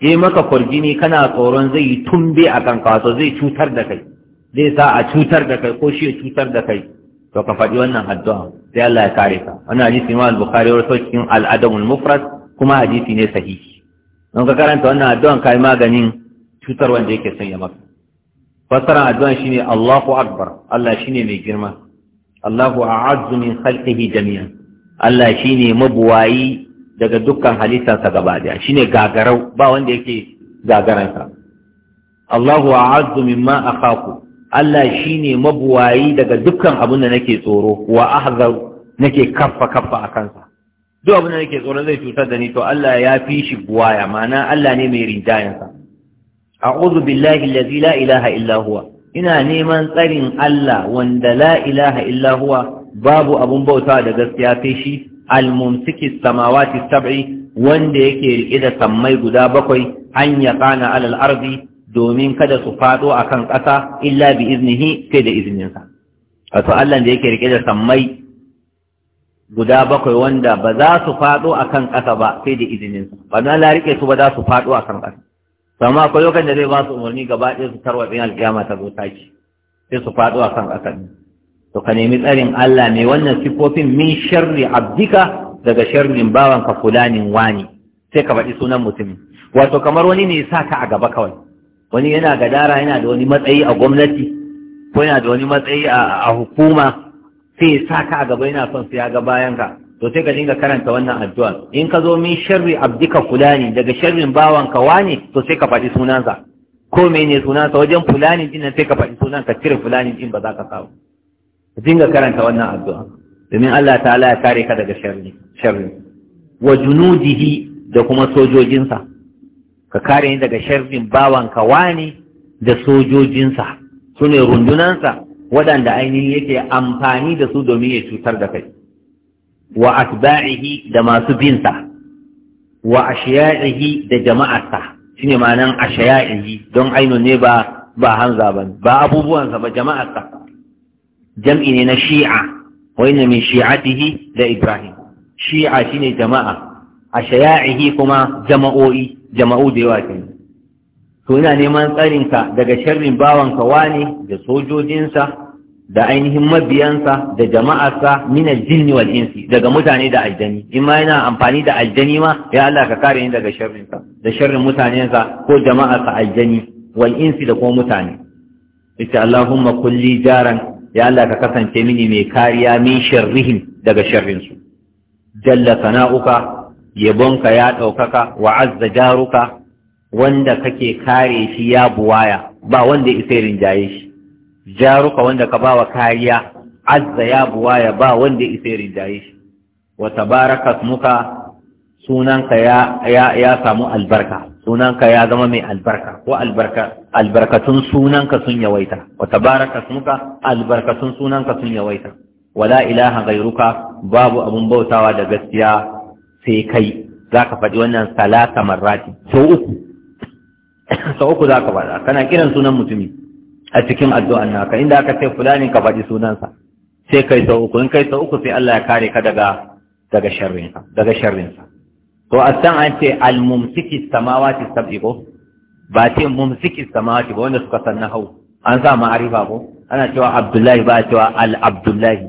yi maka kwarjini kana tsoron zai yi tumbe a kan kaso zai cutar da kai zai sa a cutar da kai ko shi ya cutar da kai to ka faɗi wannan addu'a sai Allah ya kare ka wannan hadisi ne al-bukhari wa cikin al-adamul mufrad kuma hadisi ne sahihi don ka karanta wannan addu'an kai maganin cutar wanda yake son ya maka fasaran addu'an shine Allahu akbar Allah shine mai girma Allahu a'azzu min khalqihi jami'an Allah shine mabuwayi daga dukkan halittarsa gaba daya ne gagarau ba wanda yake gagaransa Allahu a'azzu mimma akhaku Allah shine mabuwayi daga dukkan abin da nake tsoro wa ahzar nake kaffa kaffa a kansa duk abin da nake tsoro zai cutar da ni to Allah ya fi shi buwaya ma'ana Allah ne mai rinjayensa a'udhu billahi allazi la ilaha illa huwa ina neman tsarin Allah wanda la ilaha illa huwa babu abun bauta da gaskiya sai shi al-mumsiki samawati sab'i wanda yake rike da sammai guda bakwai an ya kana alal ardi domin kada su fado akan ƙasa illa bi iznihi sai da sa wato Allah da yake rike da sammai guda bakwai wanda ba za su fado akan ƙasa ba sai da izininsa ba na la rike su ba za su fado akan ƙasa amma akwai lokacin da zai ba su umarni gaba ɗaya su tarwatsin alƙiyama ta zo taki sai su fado akan ƙasa ne to ka nemi tsarin Allah mai wannan sifofin min sharri abdika daga sharrin bawan ka fulanin wani sai ka faɗi sunan mutumin wato kamar wani ne sa ka a gaba kawai wani yana gadara yana da wani matsayi a gwamnati ko yana da wani matsayi a hukuma sai ya sa ka a gaba yana son su ya ga bayan ka to sai ka dinga karanta wannan addu'a in ka zo min sharri abdika fulani daga sharrin bawanka wane to sai ka faɗi sunansa ko mene sunansa wajen fulani din nan sai ka faɗi sunan ka cire fulani din ba za ka samu ka dinga karanta wannan addu'a domin Allah ta'ala ya kare ka daga sharri sharri wa junudihi da kuma sojojinsa ka kare ni daga sharrin bawanka wani da sojojinsa Sune ne rundunansa waɗanda ainihin yake amfani da su domin ya cutar da kai wa atba'ihi da masu binsa wa ashiya'ihi da jama'arsa shine ma'anan ashiya'ihi don aino ne ba ba hanza ba ba abubuwansa ba jama'arsa jam'i ne na shi'a wa mai min shi'atihi da ibrahim shi'a shine jama'a a shaya'ihi kuma jama'o'i jama'u da yawa kenan to ina neman tsarinka daga sharrin bawanka wane da sojojinsa da ainihin mabiyansa da jama'arsa min aljinni wal insi daga mutane da aljani in ma yana amfani da aljani ma ya Allah ka kare ni daga sharrinsa da sharrin mutanensa ko jama'arsa aljani wal insi da kuma mutane ita Allahumma kulli jaran ya Allah ka kasance mini mai kariya min sharrihim daga sharrinsu jalla sana'uka yabonka ya ɗaukaka wa azza jaruka wanda kake kare shi ya buwaya ba wanda ya isa rinjaye shi jaruka wanda ka bawa kariya azza ya buwaya ba wanda ya isa rinjaye shi wa tabaraka muka sunanka ya ya ya samu albarka sunanka ya zama mai albarka ko albarka albarkatun sunanka sun yawaita wa tabaraka sunka albarkatun sunanka sun yawaita wala ilaha gairuka babu abun bautawa da gaskiya sai kai zaka faɗi wannan salata marrati sau uku (coughs) sau uku zaka faɗa kana kiran sunan mutumi a cikin addu'an naka inda aka ce fulani ka faɗi sunansa sai kai sau uku in kai sau uku sai Allah ya kare ka daga daga sharrinsa daga sharrinsa to a san an ce al-mumsiki samawati sab'i ko ba ce mumsiki samawati ba wanda suka san na hau. an sa ma'arifa ko ana cewa abdullahi ba a cewa al-abdullahi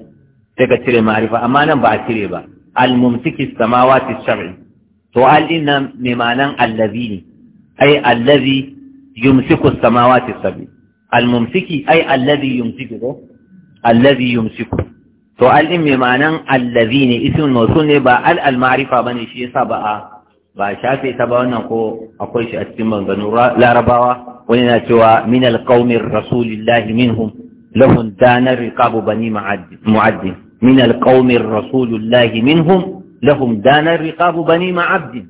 sai ka cire ma'arifa amma nan ba a cire ba al-mumsiki samawati shar'i to al inna mai ma'anan allazi ne ai allazi yumsiku samawati sab'i al-mumsiki ai allazi yumsiku ko allazi yumsiku to al din mai ma'anan allazi ne isin mawsul ne ba al al-ma'rifa bane shi yasa ba a ba shafe ta ba wannan ko akwai shi a cikin manzanu larabawa wani na cewa min alqaumin rasulillahi minhum lahum danar riqabu bani mu'addin min alqaumin rasulillahi minhum lahum danar riqabu bani mu'addin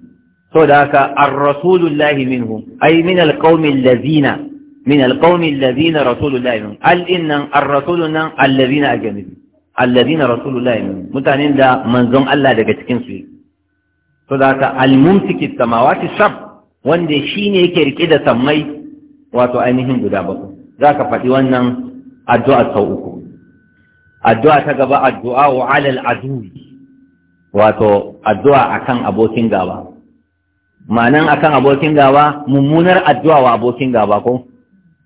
to da haka ar-rasulullahi minhum Ai min alqaumin lazina min alqaumin lazina rasulullahi minhum al innan ar-rasuluna allazina ajnabi allazina rasulullahi minhum mutanen da manzon Allah daga cikin su to da ta almumsiki samawati sab wanda shine yake rike da sammai wato ainihin guda za zaka faɗi wannan addu'a sau uku addu'a ta gaba addu'a wa alal aduwi wato addu'a akan abokin gaba ma'anan akan abokin gaba mummunar addu'a wa abokin gaba ko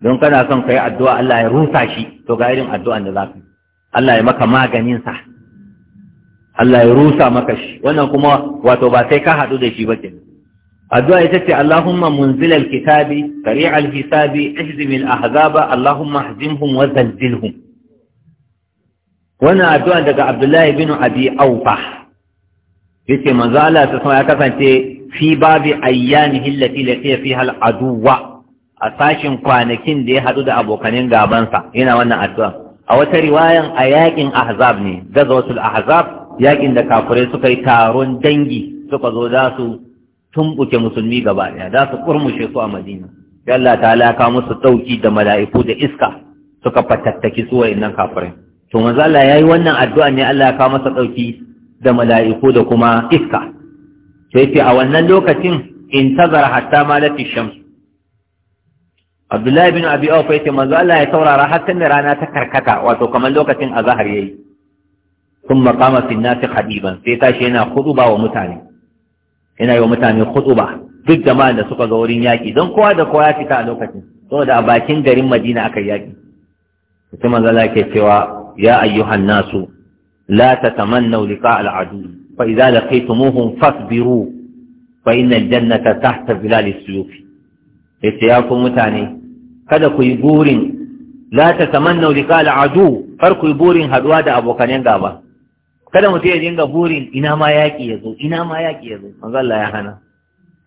don kana son kai addu'a Allah ya rusa shi to ga irin addu'an da zaka Allah ya maka maganin sa Allah ya rusa maka shi wannan kuma wato ba sai ka haɗu da shi ba kenan addu'a ita ce Allahumma munzil kitabi, sari hisabi, ihzim alahzaba Allahumma ihzimhum wa zalzilhum wannan addu'a daga Abdullahi bin Abi Aufa yace manzo Allah ta ya kasance fi babi ayyanihi allati laqiya fiha al-aduwa a sashin kwanakin da ya haɗu da abokanin gabansa yana wannan addu'a a wata riwayan a yaƙin ahzab ne wasu ahzab yakin da kafirai suka yi taron dangi suka zo za su tumbuke musulmi gaba ɗaya za su kurmushe su a madina Yalla Allah ta alaka musu ɗauki da mala'iku da iska suka fatattaki su wa'innan kafirai to manzo Allah yayi wannan addu'a ne Allah ya kawo masa ɗauki da mala'iku da kuma iska sai ce a wannan lokacin intazara hatta malati shams Abdullahi bin Abi Awfa yace manzo Allah ya saurara har sai rana ta karkata wato kamar lokacin azhar yayi ثم قام في الناس خطيبا sai tashi yana khutuba wa mutane yana yi wa mutane khutuba duk jama'an da suka ga wurin yaƙi don kowa da kowa ya fita a lokacin saboda a bakin garin Madina aka yaki sai manzo ke cewa ya ayyuhan nasu la tatamannu liqa al-adu fa kai tumuhun fasbiru fa inna al-jannata ta zilal as-suyuf yace ya ku mutane kada ku yi burin la tatamannu liqa al al'adu, kar ku yi burin haduwa da abokanen gaba kada mutum ya dinga burin ina ma yaƙi ya zo ina ma yaƙi ya zo Maza Allah ya hana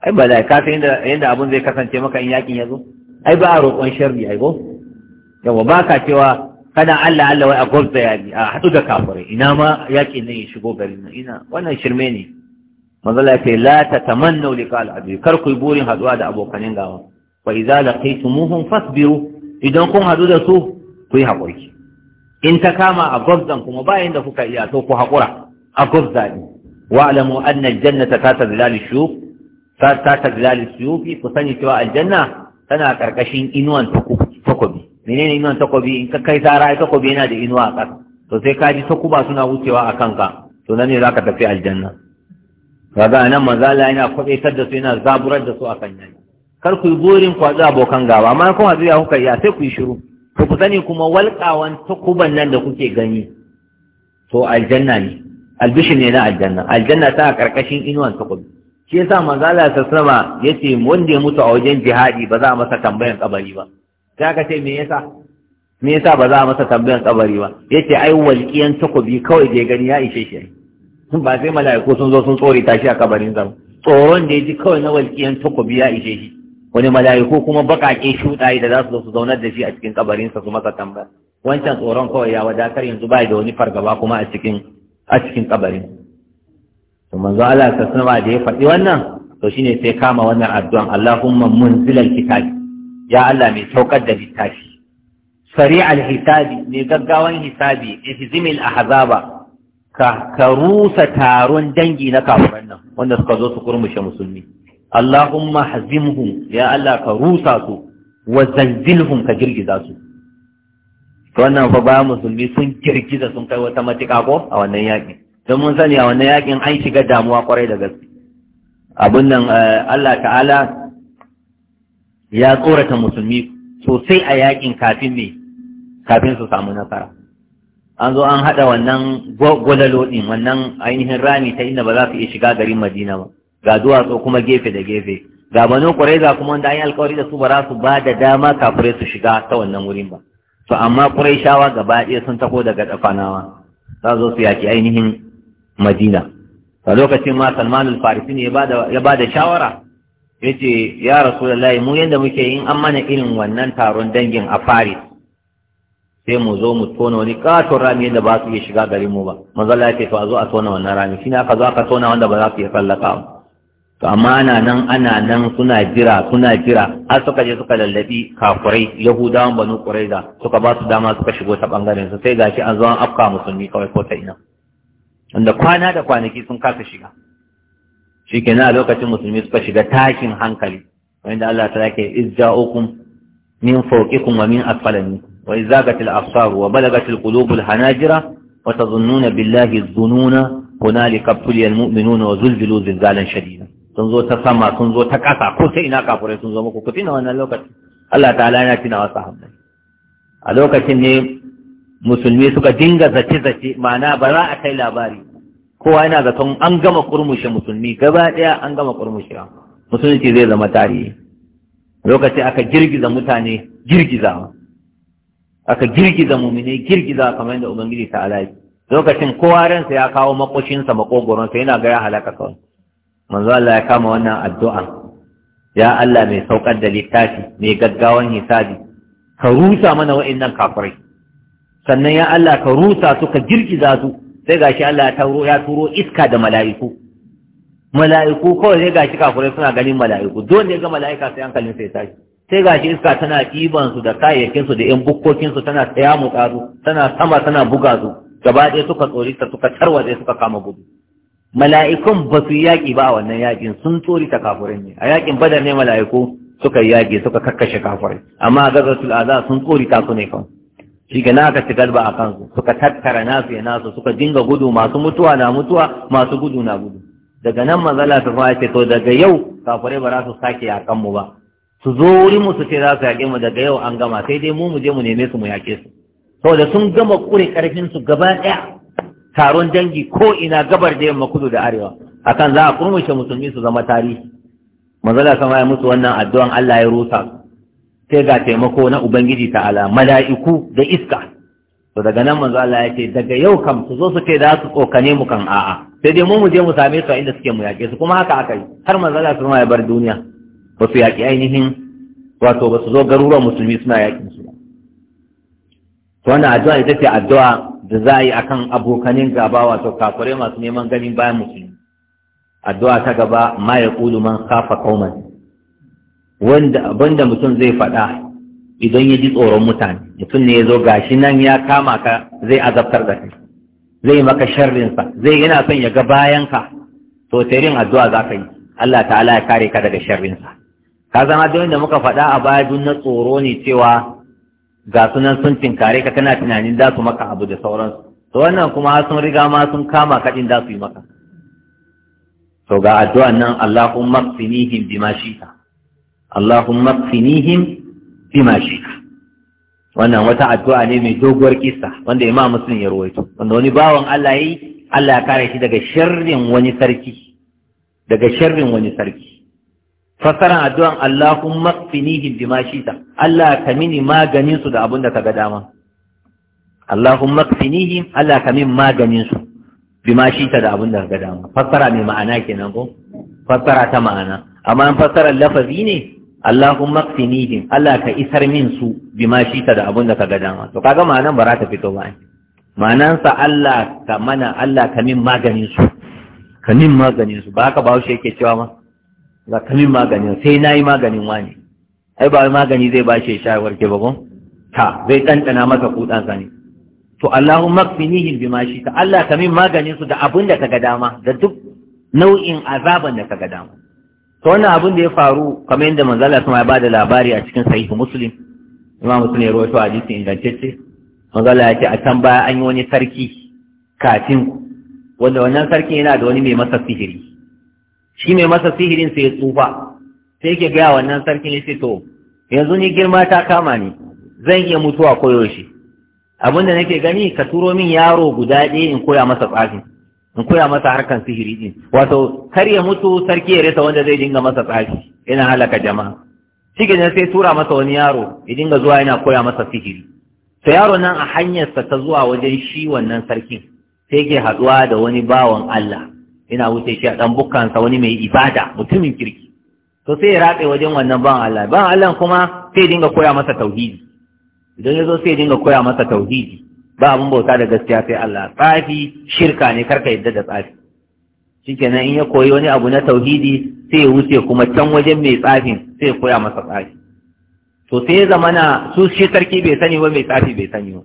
ai ba da ka san abun zai kasance maka in yaƙin ya zo ai ba a roƙon sharri ai ko yawa ba ka cewa kada Allah Allah wai a ya bi a haɗu da kafirai ina ma yaƙi nan ya shigo garin nan ina wannan shirme ne Maza Allah ya ce la ta tatamannu wuli al al'adu, kar ku yi burin haɗuwa da abokanin gawa fa idza laqaytumuhum fasbiru idan kun haɗu da su ku yi haƙuri in ta kama a gwabzan kuma bayan da kuka iya so ku haƙura a gwabza ne wa alamu anna jannata ta ta zilali shu ta ta zilali suyufi ku sani cewa aljanna tana karkashin inuwan takobi menene inuwan takobi in ka kai sara takobi yana da inuwa a ƙasa to sai ka ji takuba suna wucewa a kanka to nan ne zaka tafi aljanna kaga nan manzo Allah yana kwabetar da su yana zaburar da su akan nan kar ku yi burin ku abokan gaba amma kuma zai kuka iya sai ku yi shiru to ku sani kuma walƙawan takuban nan da kuke gani to aljanna ne albishin ne na aljanna aljanna ta karkashin inuwan takubi shi yasa manzo Allah sassama yace wanda ya mutu a wajen jihadi ba za a masa tambayan kabari ba sai aka ce me yasa me yasa ba za a masa tambayan kabari ba yace ai walƙiyan takubi kawai da ya gani ya ishe shi ba sai mala'iku sun zo sun tsori tashi a kabarin zama tsoron da ya ji kawai na walƙiyan takubi ya ishe shi wani mala'iku kuma bakaƙe shuɗaye da za su zo su zaunar da shi a cikin kabarinsa su masa tambaya wancan tsoron kawai ya wadatar yanzu bai da wani fargaba kuma a cikin a cikin kabarin to manzo Allah ta sanwa da ya faɗi wannan to shine sai kama wannan addu'an Allahumma munzilal kitabi ya Allah mai saukar da littafi sari'al hisabi ne gaggawan hisabi ihzimil ahzaba ka ka rusa taron dangi na kafiran nan wanda suka zo su kurmushe musulmi Allahumma hazimhum ya Allah ka rusa su wa zanzilhum ka girgiza su to wannan fa bayan musulmi sun girgiza sun kai wata matuƙa ko a wannan yaƙin don mun sani a wannan yaƙin an shiga damuwa kwarai da gaske abin nan eh, Allah ta'ala ya tsorata musulmi sosai a yaƙin kafin ne kafin su samu nasara an zo an haɗa wannan gwalaloɗin, wannan ainihin rami ta inda ba za su iya shiga garin madina ba ga duwatsu kuma gefe da gefe ga banu quraiza kuma wanda an yi alkawari da su ba su ba da dama kafure su shiga ta wannan wurin ba to amma quraishawa gaba ɗaya sun tako daga tsafanawa za zo su yaki ainihin madina a lokacin ma salman al-farisi ne ya ba da shawara ya ce ya rasu layi mu yadda muke yin an mana irin wannan taron dangin a faris sai mu zo mu tona wani katon rami yadda ba su iya shiga garinmu mu ba manzala ya ce to a zo a tona wannan rami shi ne aka zo aka tona wanda ba za su iya tsallaka to amma ana nan ana nan suna jira suna jira har suka je suka lallabi kafurai yahudawan banu quraiza suka ba su dama suka shigo ta bangaren su sai gashi an zo an afka musulmi kawai ko ta ina wanda kwana da kwanaki sun kasa shiga shikenan a lokacin musulmi suka shiga takin hankali wanda Allah ta yake izja'ukum min fawqikum wa min asfala minkum wa izagatil absar wa balagatil qulubul hanajira wa tazunnuna billahi dhununa hunalika ibtuliya almu'minuna wa zulzilu zilzalan shadidan sun zo ta sama sun zo ta ƙasa ko sai ina kafurai sun zo muku ku tuna wannan lokacin Allah ta'ala yana tuna wasu sahabbai a lokacin ne musulmi suka dinga zace-zace ma'ana ba za a kai labari kowa yana zaton an gama kurmushe musulmi gaba ɗaya an gama kurmushewa musulunci zai zama tarihi lokacin aka girgiza mutane girgizawa aka girgiza mumine girgiza kamar yadda ubangiji ta alayi lokacin kowa ransa ya kawo makoshinsa makogoronsa yana ga ya halaka kawai manzo Allah ya kama wannan addu'a ya Allah mai saukar da littafi mai gaggawan hisabi ka rusa mana wa'annan kafirai sannan ya Allah ka rusa su ka girgiza su sai gashi Allah ya turo iska da mala'iku mala'iku kawai sai gashi kafirai suna ganin mala'iku dole ya ga mala'ika sai hankalin sai tashi sai gashi iska tana ɗiban su da kayayyakin su da yan bukkokin su tana tsaya mu tsaro tana sama tana buga su gaba ɗaya suka tsorita suka tarwatsa suka kama gudu mala'ikun ba su yaƙi ba a wannan yaƙin sun tsori ta kafurin ne a yaƙin badar ne mala'iku suka yaƙi suka kakkashe kafurin amma a gazatul azab sun tsori ta su ne kan shi ga naka ci galba a kansu suka tattara nasu ya nasu suka dinga gudu masu mutuwa na mutuwa masu gudu na gudu daga nan manzala ta fara ce to daga yau kafurai ba za su sake yaƙan mu ba su zo wuri mu su ce za su yaƙe mu daga yau an gama sai dai mu mu je mu neme su mu yaƙe su saboda sun gama ƙure ƙarfin su gaba ɗaya taron dangi ko ina gabar da yamma kudu da arewa akan za a kurmushe musulmi su zama tarihi manzala sama ya musu wannan addu'an Allah ya rusa sai ga taimako na ubangiji ta'ala mala'iku da iska to daga nan manzo Allah ya ce daga yau kam su zo su ce da su tsokane mu kan a'a sai dai mu mu je mu same su a inda suke mu yake su kuma haka aka yi har manzo Allah sama ya bar duniya ba su yaƙi ainihin wato ba su zo garuruwan musulmi suna yaƙin su to wannan addu'a ita ce addu'a da za a yi akan abokanin gaba wato kafare masu neman ganin bayan musulmi addu'a ta gaba ma ya kulu man kafa kauman wanda abinda mutum zai faɗa idan ya ji tsoron mutane mutum ne ya zo gashi nan ya kama ka zai azabtar da kai zai maka sharrinsa zai yana son ya ga bayanka to tarin addu'a za ka yi Allah ta'ala ya kare ka daga sharrinsa ka zama da wanda muka faɗa a baya dun na tsoro ne cewa ga sunan sun tinkare ka kana tunanin za su maka abu da sauransu to wannan kuma sun riga ma sun kama kaɗin za su yi maka to ga addu'an nan Allahumma qfinihim bima shi'ta Allahumma qfinihim bima shi'ta wannan wata addu'a ne mai doguwar kissa wanda Imam Muslim ya rawaito wanda wani bawan Allah yi Allah ya kare shi daga sharrin wani sarki daga sharrin wani sarki Fasara addu'an Allahumma qfinihim bima shita Allah ka mini maganin su da abin da kaga dama Allahumma qfinihim Allah ka mini maganin su bima shita da abin da kaga dama fasara mai ma'ana kenan ko fasara ta ma'ana amma an fasara lafazi ne Allahumma qfinihim Allah ka isar min su bima shita da abin da kaga dama to kaga ma'anan ba za ta fito ba ma'anansa Allah ka mana Allah ka min maganin su ka min maganin su ba haka ba shi yake cewa ma za ka maganin sai na yi maganin wani ai ba magani zai ba shi shawar ke bagon ta zai ɗanɗana masa kuɗansa ne to Allahumma makfinihim bima shi ta Allah ka min maganin su da abin da kaga dama da duk nau'in azaban da kaga dama to wannan abin da ya faru kamar yadda manzo Allah ya da labari a cikin sahih muslim imam muslim ya rawaito hadisi ingantacce manzo Allah ya ce a can baya an yi wani sarki kafin wanda wannan sarki yana da wani mai masa sihiri shi mai masa sihirin sai ya tsufa sai yake gaya wannan sarkin ya to yanzu ni girma ta kama ni zan iya mutuwa koyaushe abinda nake gani ka turo min yaro guda ɗaya in koya masa tsafin in koya masa harkan sihiri din wato kar ya mutu sarki ya rasa wanda zai dinga masa tsafi yana halaka jama'a shi sai tura masa wani yaro ya dinga zuwa yana koya masa sihiri to yaro nan a hanyarsa ta zuwa wajen shi wannan sarkin sai ke haɗuwa da wani bawan Allah ina wuce shi a ɗan bukansa wani mai ibada mutumin kirki to sai ya ratse wajen wannan ban Allah ban Allah kuma sai dinga koya masa tauhidi idan ya zo sai dinga koya masa tauhidi ba abin bauta da gaskiya sai Allah tsafi shirka ne karka yadda da tsafi shikenan in ya koyi wani abu na tauhidi sai ya wuce kuma can wajen mai tsafin sai ya koya masa tsafi to sai ya zamana su shi sarki bai sani ba mai tsafi bai sani ba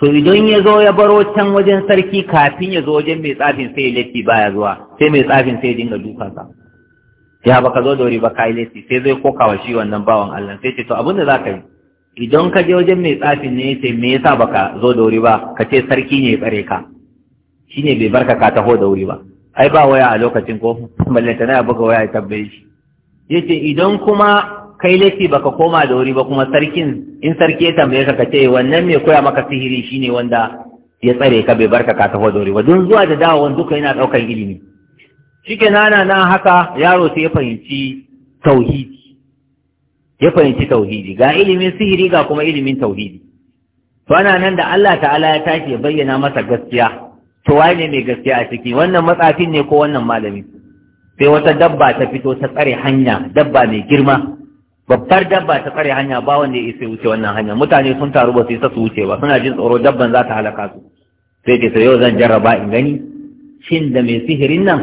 to idan ya zo ya baro can wajen sarki kafin ya zo wajen mai tsafin sai ya laifi baya zuwa sai mai tsafin sai ya dinga dukansa ya ka zo da wuri ba ka yi laifi sai zai koka wa shi wannan bawan Allah sai ce to abin da ka yi idan ka je wajen mai tsafin ne sai me yasa baka zo da wuri ba ka ce sarki ne ya tsare ka Shi ne bai barka ka taho da wuri ba ai ba waya a lokacin ko mallaka na buga waya ya tambaye shi yace idan kuma kai laifi baka koma da wuri ba kuma sarkin in sarki ya tambaye ka kace wannan mai koya maka sihiri shine wanda ya tsare ka bai barka ka tafi da wuri ba don zuwa da dawowan duka yana ɗaukar ilimi shike nana na haka yaro sai ya fahimci tauhidi ya fahimci tauhidi ga ilimin sihiri ga kuma ilimin tauhidi to ana nan da Allah ta'ala ya tashi ya bayyana masa gaskiya to ne mai gaskiya a ciki wannan matsafin ne ko wannan malami sai wata dabba ta fito ta tsare hanya dabba mai girma babbar dabba ta tsare hanya ba wanda ya isa wuce wannan hanya mutane sun taru ba su isa su wuce ba suna jin tsoro dabban za ta halaka su sai ce sai yau zan jarraba in gani shin da mai sihirin nan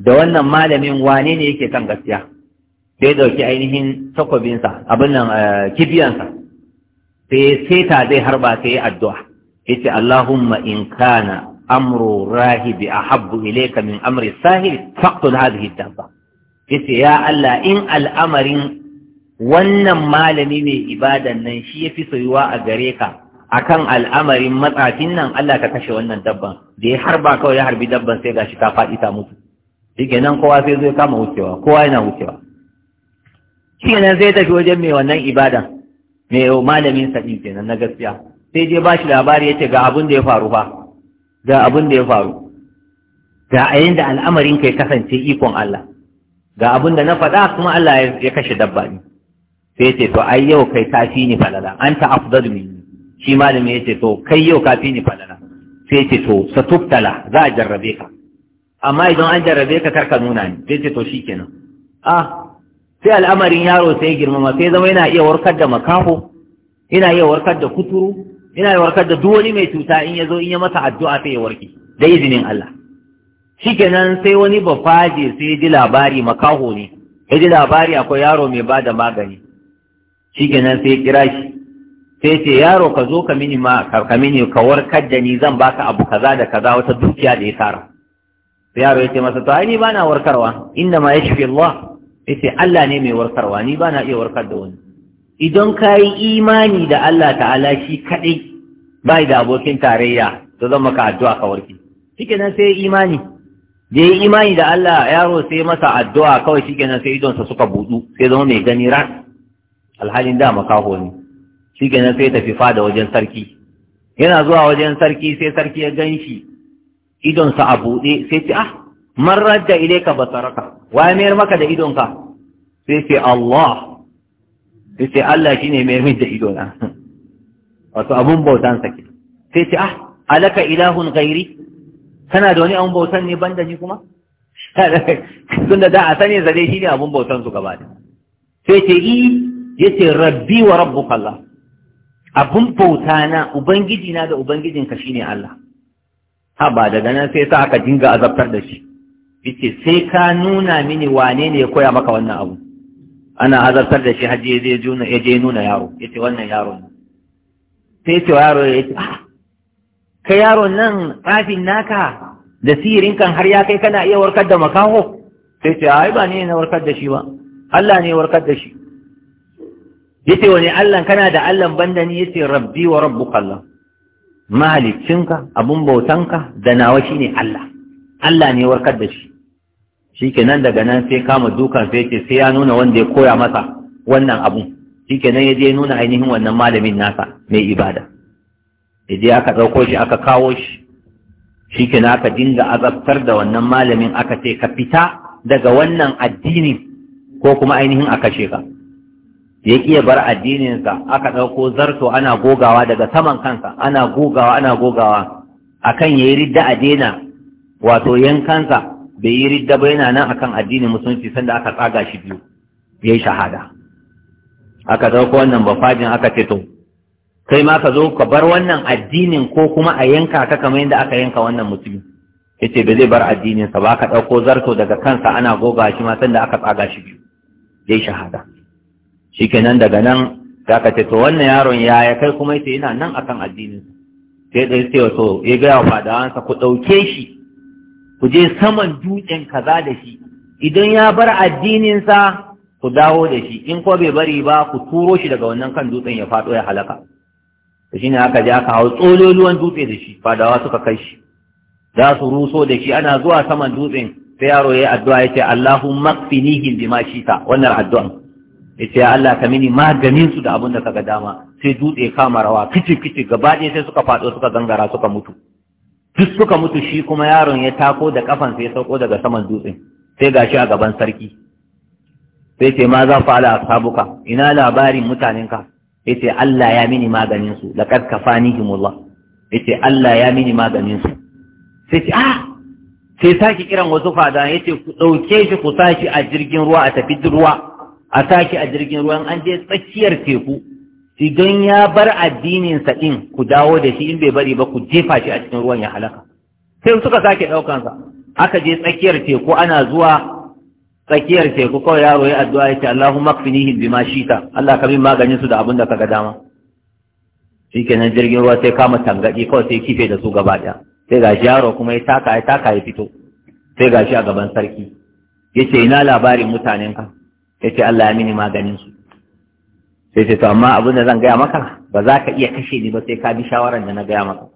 da wannan malamin wane ne yake kan gaskiya sai dauki ainihin takwabinsa abin nan eh, kibiyansa sai seta zai harba sai addu'a yace Allahumma in kana amru rahibi ahabbu ilayka min amri sahil faqtul hadhihi dabba yace ya Allah in al'amarin wannan malami mai ibadan nan shi ya fi soyuwa a gare ka akan al'amarin matsafin nan Allah ka kashe wannan dabban da ya harba kawai ya harbi dabban sai gashi ta faɗi ta mutu nan kowa sai zai kama wucewa kowa yana wucewa shikenan zai tafi wajen mai wannan ibadan mai malamin sa din kenan na gaskiya sai je ba shi labari ya ce ga abin da ya faru fa ga abin da ya faru ga ayin da al'amarin kai kasance ikon Allah ga abin da na faɗa kuma Allah ya kashe dabba ne sai ce to ai yau kai kafi ni falala ta afdal min shi malami yace to kai yau kafi ni falala sai ce to tuftala! za a jarrabe ka amma idan an jarrabe ka karka nuna ni sai ce to shikenan ah sai al'amarin yaro sai girmama sai zama yana iya warkar da makaho yana iya warkar da kuturu yana iya warkar da duk wani mai cuta in ya zo in ya masa addu'a sai ya warke da izinin Allah shikenan sai wani bafaje sai ji labari makaho ne ya ji labari akwai yaro mai ba da magani shi kenan sai kira shi sai ce yaro ka zo ka mini ma ka mini ka warkar da ni zan baka abu kaza da kaza wata dukiya da ya tara sai yaro yace masa to ai ni bana warkarwa inna ma yashfi Allah yace Allah ne mai warkarwa ni bana iya warkar da wani idan kai imani da Allah ta'ala shi kadai bai da abokin tarayya to zan maka addu'a ka warke shikenan sai imani da imani da Allah yaro sai masa addu'a kawai shikenan sai idonsa suka budu sai zama mai gani ran alhalin da makaho ne shi kenan sai tafi fada wajen sarki yana zuwa wajen sarki sai sarki ya gan shi idonsa a buɗe sai ce ah marar da ile ka Wa ya mayar maka da idonka sai ce Allah sai ce Allah shine ne mayar min da idona (laughs) wato abun bautan sake sai ce ah alaka ilahun gairi kana da wani abun bautan ne banda ni kuma (laughs) tunda da a sani zare shine abun bautan su gaba sai ce i yace rabbi wa rabbu kalla abun bauta na ubangiji na da ubangijinka shine Allah ha ba daga nan sai sa aka dinga azabtar da shi yace sai ka nuna mini wane ne ya koya maka wannan abu ana azabtar da shi hajji zai juna ya je nuna yaro yace wannan yaro ne sai yace yaro yace ah ka yaro nan kafin naka da sihirin kan har ya kai kana iya warkar da makaho sai ce ai ba ne na warkar da shi ba Allah ne warkar da shi yace wani Allah kana da Allah banda ni yace rabbi wa rabbuka Allah malikinka abun bautanka da nawa shine Allah Allah ne warkar da shi shikenan daga nan sai kama dukan sai yace sai ya nuna wanda ya koya masa wannan abun shikenan ya je nuna ainihin wannan malamin nasa mai ibada ya je aka dauko shi aka kawo shi shikenan aka dinga azabtar da wannan malamin aka ce ka fita daga wannan addini ko kuma ainihin aka kashe ka ya iya bar addininsa aka ɗauko zarto ana gogawa daga saman kansa ana gogawa ana gogawa akan ya yi ridda a daina wato yankansa bai yi ridda ba yana nan akan addinin musulunci sanda aka tsaga shi biyu ya yi shahada aka ɗauko wannan bafajin aka ce to kai ma ka zo ka bar wannan addinin ko kuma a yanka ka kamar yadda aka yanka wannan mutum yace ba zai bar addininsa ba aka ɗauko zarto daga kansa ana gogawa shi ma sanda aka tsaga shi biyu ya yi shahada kenan daga nan ka ce to wannan yaron ya ya kai kuma yace ina nan akan addinin sai dai sai wato ya ga fadawansa ku ɗauke shi ku je saman dutsen kaza da shi idan ya bar addininsa ku dawo da shi in ko bai bari ba ku turo shi daga wannan kan dutsen ya fado ya halaka to shine aka je aka hau tsololuwan dutse da shi fadawa suka kai shi za su ruso da shi ana zuwa saman dutsen sai yaro ya yi addu'a ya ce Allahumma qfinihi bima shita wannan addu'an. yace ya Allah ka mini maganin su da abin da kaga dama sai dutse kama rawa kici kici gaba ɗaya sai suka faɗo suka gangara suka mutu duk suka mutu shi kuma yaron ya tako da kafan sai ya sauko daga saman dutsen sai gashi a gaban sarki sai ce ma za ala asabuka? ina labarin mutanen Ya yace Allah ya mini maganin su laqad kafanihimullah yace Allah ya mini maganin su sai ce ah sai saki kiran wasu fada yace ku dauke shi ku sashi a jirgin ruwa a tafi ruwa a tashi a jirgin ruwan an je tsakiyar teku idan ya bar addininsa ɗin ku dawo da shi in bai bari ba ku jefa shi a cikin ruwan ya halaka sai suka sake ɗaukansa aka je tsakiyar teku ana zuwa tsakiyar teku kawai yaro ya addu'a ya ce Allahu kfinihi bima shita Allah ka bin maganin su da abin da ga dama kenan jirgin ruwa sai kama tangaɗi kawai sai kife da su gaba ɗaya sai gashi yaro kuma ya taka ya taka ya fito sai gashi a gaban sarki yace ina labarin mutanenka ya ce Allah ya mini maganin su sai ce to amma abin da zan gaya maka ba za ka iya kashe ni ba sai ka bi shawaran da na gaya maka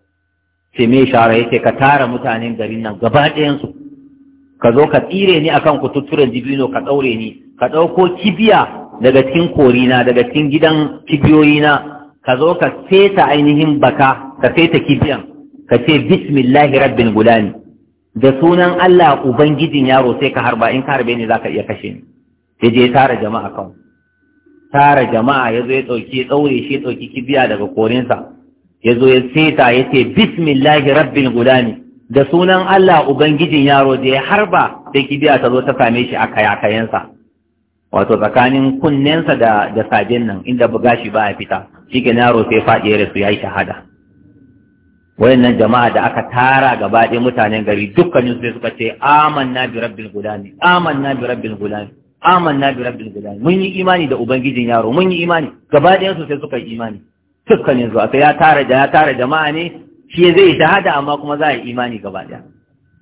sai me shawara ce ka tara mutanen garin nan gaba ɗayansu ka zo ka tsire ni akan kututturen dibino ka ɗaure ni ka ɗauko kibiya daga cikin korina daga cikin gidan kibiyoyina ka zo ka feta ainihin baka ka feta kibiyan ka ce bismillahi rabbin gulani da sunan Allah ubangijin yaro sai ka harba in ka harbe ni za ka iya kashe ni ya je tara jama'a kan tara jama'a ya zo ya ɗauki tsaure shi ɗauki kibiya daga korinsa ya zo ya seta ya ce bismillahi rabbil gulami da sunan Allah ubangijin yaro da ya harba sai kibiya ta zo ta same shi a kayakayensa wato tsakanin kunnensa da da sajen nan inda buga shi ba a fita shi ke yaro sai faɗi ya rasu ya yi shahada wayannan jama'a da aka tara gaba ɗaya mutanen gari dukkanin sai suka ce amanna bi rabbil gulani amanna bi rabbil gulani Aman na birar rabbil bilal mun yi imani da ubangijin yaro mun yi imani gaba da yansu sai suka yi imani dukkanin zuwa aka ya tara da ya tara jama'a ne shi zai shahada amma kuma za a yi imani gaba da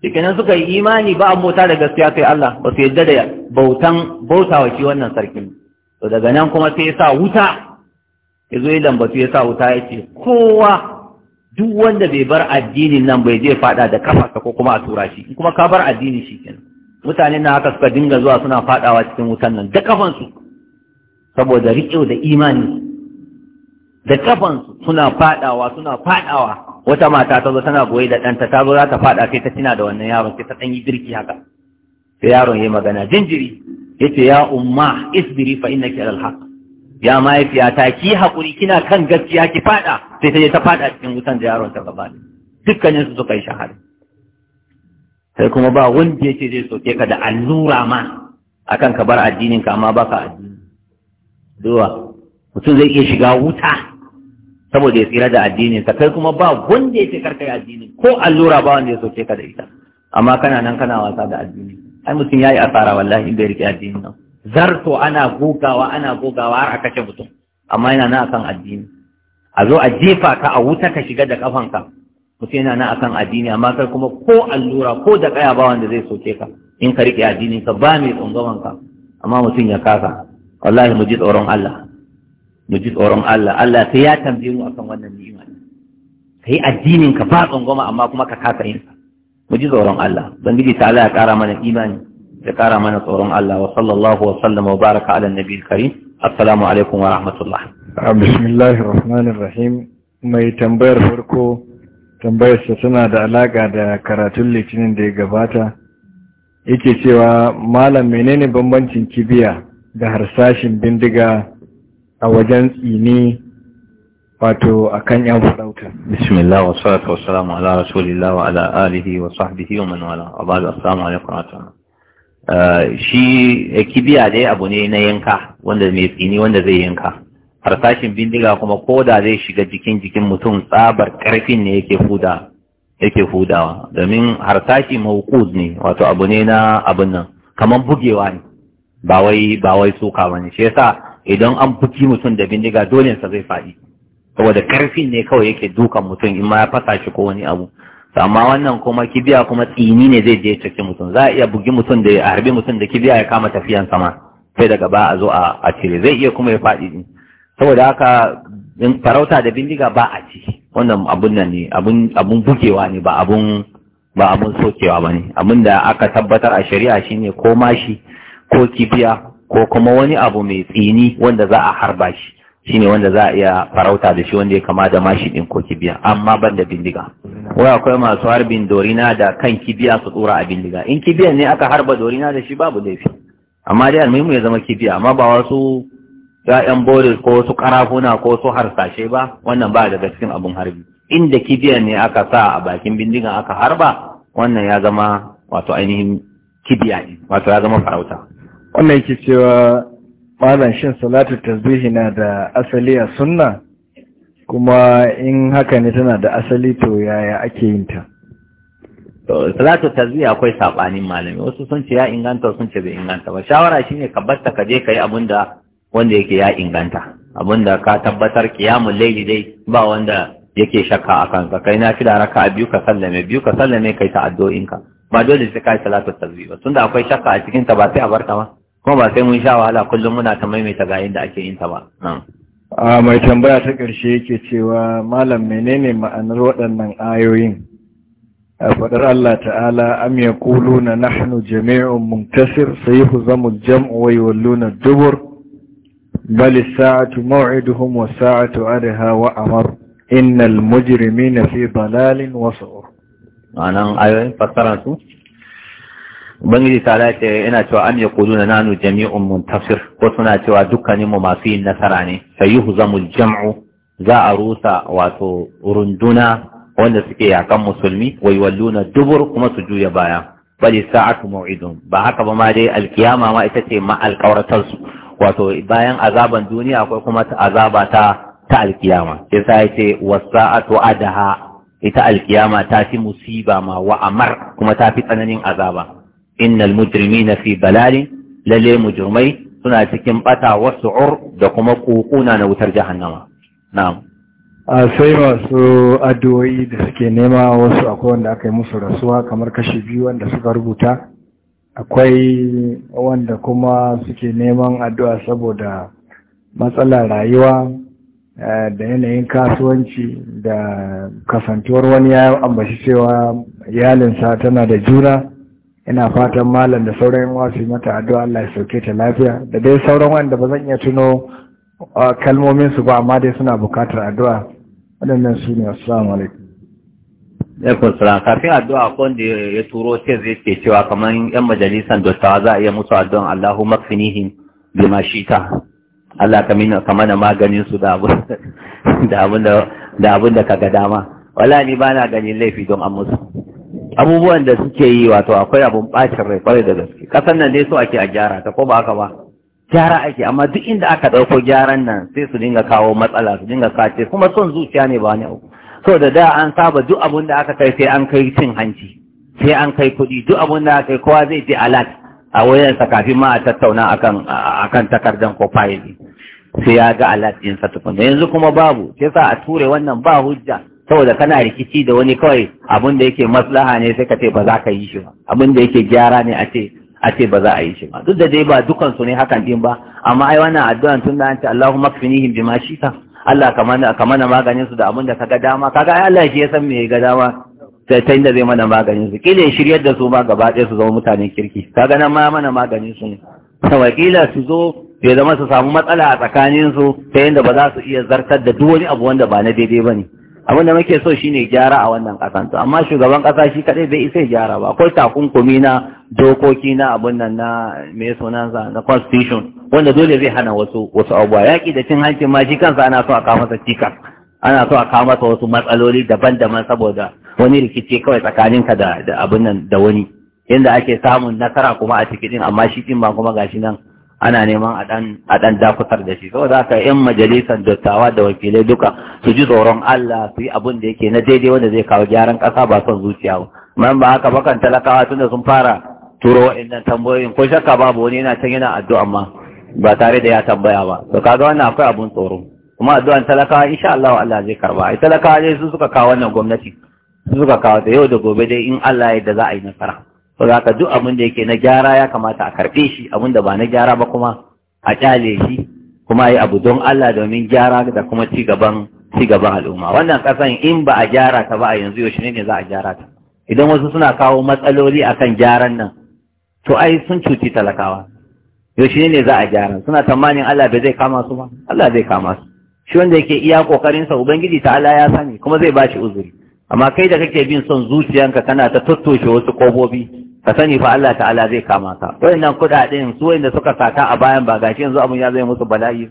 shikenan suka yi imani ba bauta da gaskiya sai Allah ba su yadda da bautan bautawa shi wannan sarkin to daga nan kuma sai ya sa wuta ya zo ya lambatu ya sa wuta ya ce kowa duk wanda bai bar addinin nan bai je fada da kafa ko kuma a tura shi kuma ka bar addini shi kenan mutane na haka suka dinga zuwa suna fadawa cikin wutan nan da kafansu saboda riƙo da imani da kafansu suna fadawa suna fadawa wata mata ta zo tana goye da ɗanta ta zo za ta fada sai ta tina da wannan yaron sai ta ɗan yi girki haka sai yaron ya magana jinjiri ya ce ya umma isbiri fa innaki alal haq ya mahaifiya ta, ki haƙuri kina kan gaskiya ki fada sai ta je ta fada cikin wutan da yaron ta gaba dukkaninsu suka yi shahada sai kuma ba wanda yake zai soke ka da allura ma akan ka bar addinin ka amma baka addini duwa mutum zai iya shiga wuta saboda ya tsira da addinin ka kai kuma ba wanda yake karkai addinin ko allura ba wanda ya soke ka da ita amma kana nan kana wasa da addini ai mutum yayi asara wallahi in bai rike addinin nan zarto ana gogawa ana gogawa har a kashe mutum amma yana nan akan addini a zo a jefa ka a wuta ka shiga da kafanka mutum yana nan akan addini amma kai kuma ko allura ko da kaya ba wanda zai soke ka in ka rike addini ka ba mai tsangwaman ka amma mutum ya kasa wallahi mu ji tsoron Allah mu ji tsoron Allah Allah sai ya tambaye mu akan wannan ni'ima kai addinin ka ba tsangwama amma kuma ka kasa yin sa mu ji tsoron Allah bangiji ta Allah ya kara mana imani ya kara mana tsoron Allah wa sallallahu wa sallama wa baraka ala nabiyil karim assalamu alaikum wa rahmatullah bismillahir rahmanir rahim mai tambayar farko tambayarsa suna da alaƙa da karatun litinin da ya gabata yake cewa malam menene bambancin kibiya da harsashin bindiga a wajen tsini wato a kan yan farauta bismillah wa wasu wa salamu ala rasulillah wa ala alihi wa sahbihi wa man wala abadu assalamu alaikum wa uh, shi eh, kibiya dai abu ne na yanka wanda mai tsini wanda zai yanka harsashin bindiga kuma ko da zai shiga jikin jikin mutum tsabar karfin ne yake huda yake hudawa domin harsashi mawqud ne wato abu ne na abin nan Kamar bugewa ne ba wai ba wai soka bane shi yasa idan an buki mutum da bindiga dole sa zai faɗi saboda karfin ne kawai yake dukan mutum in ma ya fasa shi ko wani abu amma wannan kuma kibiya kuma tsini ne zai je cikin mutum za a iya bugi mutum da a harbi mutum da kibiya ya kama tafiyan sama sai daga ba a zo a cire zai iya kuma ya faɗi saboda haka in farauta da bindiga ba a ci wannan abun nan ne abun bugewa ne ba abun ba abun sokewa ba ne abun da aka tabbatar a shari'a shine ko mashi ko kibiya ko kuma wani abu mai tsini wanda za a harba shi shine wanda za a iya farauta da shi wanda ya kama da mashi din ko kibiya amma ban da bindiga wai akwai masu harbin dorina da kan kibiya su tsura a bindiga in kibiyan ne aka harba dorina da shi babu laifi amma dai almuhimu ya zama kibiya amma ba wasu ya'yan boris ko su karafuna ko su harsashe ba wannan ba daga cikin abin harbi inda kibiyar ne aka sa a bakin bindigan aka harba wannan ya zama wato ainihin kibiya ne wato ya zama farauta wannan yake cewa malam shin salatu tasbihi na da asali a sunna kuma in haka ne tana da asali to yaya ake yin ta salatu tasbihi akwai sabanin malami wasu sun ce ya inganta sun ce bai inganta ba shawara shine ka batta ka je kai abin da wanda yake ya inganta abinda ka tabbatar kiyamun laili dai ba wanda yake shakka a kansa kai na fi da raka biyu ka sallame biyu ka sallame kai ta addu'inka ba dole sai kai salatu tasbih ba tunda akwai shakka a cikin ta ba sai a barta ma kuma ba sai mun sha wahala kullum muna ta maimaita ga yadda ake yin ta ba a mai tambaya ta karshe yake cewa malam menene ma'anar waɗannan ayoyin a faɗar Allah ta'ala am yaquluna nahnu jami'un muntasir sayhuzamul jam'u wa yawalluna dubur بل الساعة موعدهم والساعة أدهى وأمر إن المجرمين في ضلال وصور ma'anan ayoyin fassarar su ubangiji ta ce yana cewa am yaquluna nanu jami'un muntasir ko suna cewa dukkanin mu masu yin nasara ne sayuhzamul jam'u za a rusa wato runduna wanda suke yakan musulmi wai walluna dubur kuma su juya baya bali sa'atu mau'idun ba haka ba ma dai alkiyama ma ita ce ma alƙauratar su wato bayan azaban duniya akwai kuma ta azaba ta ta alkiyama yasa ya ce wasa'atu adaha ita alkiyama ta fi musiba ma wa amar kuma ta fi tsananin azaba innal mujrimina fi balali lalle mujrimai suna cikin bata wasu'ur da kuma kokuna na wutar jahannama na'am a sai masu addu'o'i da suke nema wasu akwai wanda aka yi musu rasuwa kamar kashi biyu wanda suka rubuta akwai wanda kuma suke neman addu'a saboda matsalar rayuwa eh, da yanayin kasuwanci da kasantuwar wani ya ambaci cewa iyalinsa tana da juna ina fatan malam da sauran wasu mata addu'a Allah ya sauke ta lafiya da dai sauran wanda ba zan iya tuno eh, kalmomin su ba amma dai suna bukatar addu'a waɗannan su ne assalamu alaikum Yankun Sulan, kafin addu'a ko da ya turo sai zai ke cewa kamar ‘yan majalisan dottawa za a iya musu addu'an Allahu makfinihin bi mashita. Allah kamar na maganin su da abin (laughs) da ka ga dama. Wala ni ba na ganin laifi don an musu. Abubuwan da suke yi wato akwai abun ɓacin rai kwarai da gaske. Kasan nan dai so ake a gyara ta ko ba haka ba. Gyara ake amma duk inda aka ɗauko gyaran nan sai su dinga kawo matsala su dinga kace kuma son zuciya ne ba wani abu. so da da an saba duk abun da aka kai sai an kai cin hanci sai an kai kuɗi duk abun da aka kai kowa zai je alat a wayansa kafin ma a tattauna akan akan takardan ko fayil sai ya ga alat din sa tukuna yanzu kuma babu sai sa a ture wannan ba hujja saboda kana rikici da wani kawai abun da yake maslaha ne sai ka ce ba za ka yi shi ba abun da yake gyara ne a ce a ce ba za a yi shi ba duk da dai ba dukansu ne hakan din ba amma ai wannan addu'an tun da an ce Allahumma kfinihim bima shita Allah ka mana maganin su da abin da ka ga dama kaga ai Allah shi ya san me ya ga dama sai ta inda zai mana maganin su ya shiryar da su ma gaba ɗaya su zama mutanen kirki kaga nan ma mana maganin su tawakila su zo ya zama su samu matsala a tsakanin su ta yadda ba za su iya zartar da duk wani abu wanda ba na daidai ba ne abin da muke so shine gyara a wannan ƙasan to amma shugaban ƙasa shi kaɗai bai isa gyara ba akwai takunkumi na dokoki na abin nan na me sunansa na constitution wanda dole zai hana wasu wasu abuwa yaƙi da cin hancin ma shi kansa ana so a kawo masa cikas ana so a kawo masa wasu matsaloli daban-daban saboda wani rikici kawai tsakanin da da abin nan da wani inda ake samun nasara kuma a ciki din amma shi din ba kuma gashi nan ana neman a dan a dan dakutar da shi saboda haka yan majalisar dattawa da wakilai duka su ji tsoron Allah su yi abin da yake na daidai wanda zai kawo gyaran kasa ba son zuciya ba man ba haka bakan talakawa tunda sun fara turo wa'annan tambayoyin ko shakka babu wani yana can yana addu'a ma ba tare da ya tambaya ba to kaga wannan akwai abun tsoro kuma addu'an talakawa insha Allah Allah zai karba ai talakawa dai su suka kawo wannan gwamnati su suka kawo ta yau da gobe dai in Allah ya yarda za a yi nasara to zaka duk abin da yake na gyara ya kamata a karbe shi abin da ba na gyara ba kuma a kyale shi kuma yi abu don Allah domin gyara da kuma ci gaban ci gaban al'umma wannan kasan in ba a gyara ta ba a yanzu yaushe ne za a gyara ta idan wasu suna kawo matsaloli akan gyaran nan to ai sun cuci talakawa yaushe ne za a gyara suna tamanin Allah bai zai kama su ba Allah zai kama su shi wanda yake iya kokarin sa ubangiji ta Allah ya sani kuma zai bashi uzuri amma kai da kake bin son zuciyanka kana ta tattoshe wasu kobobi ka sani fa Allah ta'ala zai kama ka wayannan kudaden su wayanda suka sata a bayan ba gashi yanzu abun ya zai musu bala'i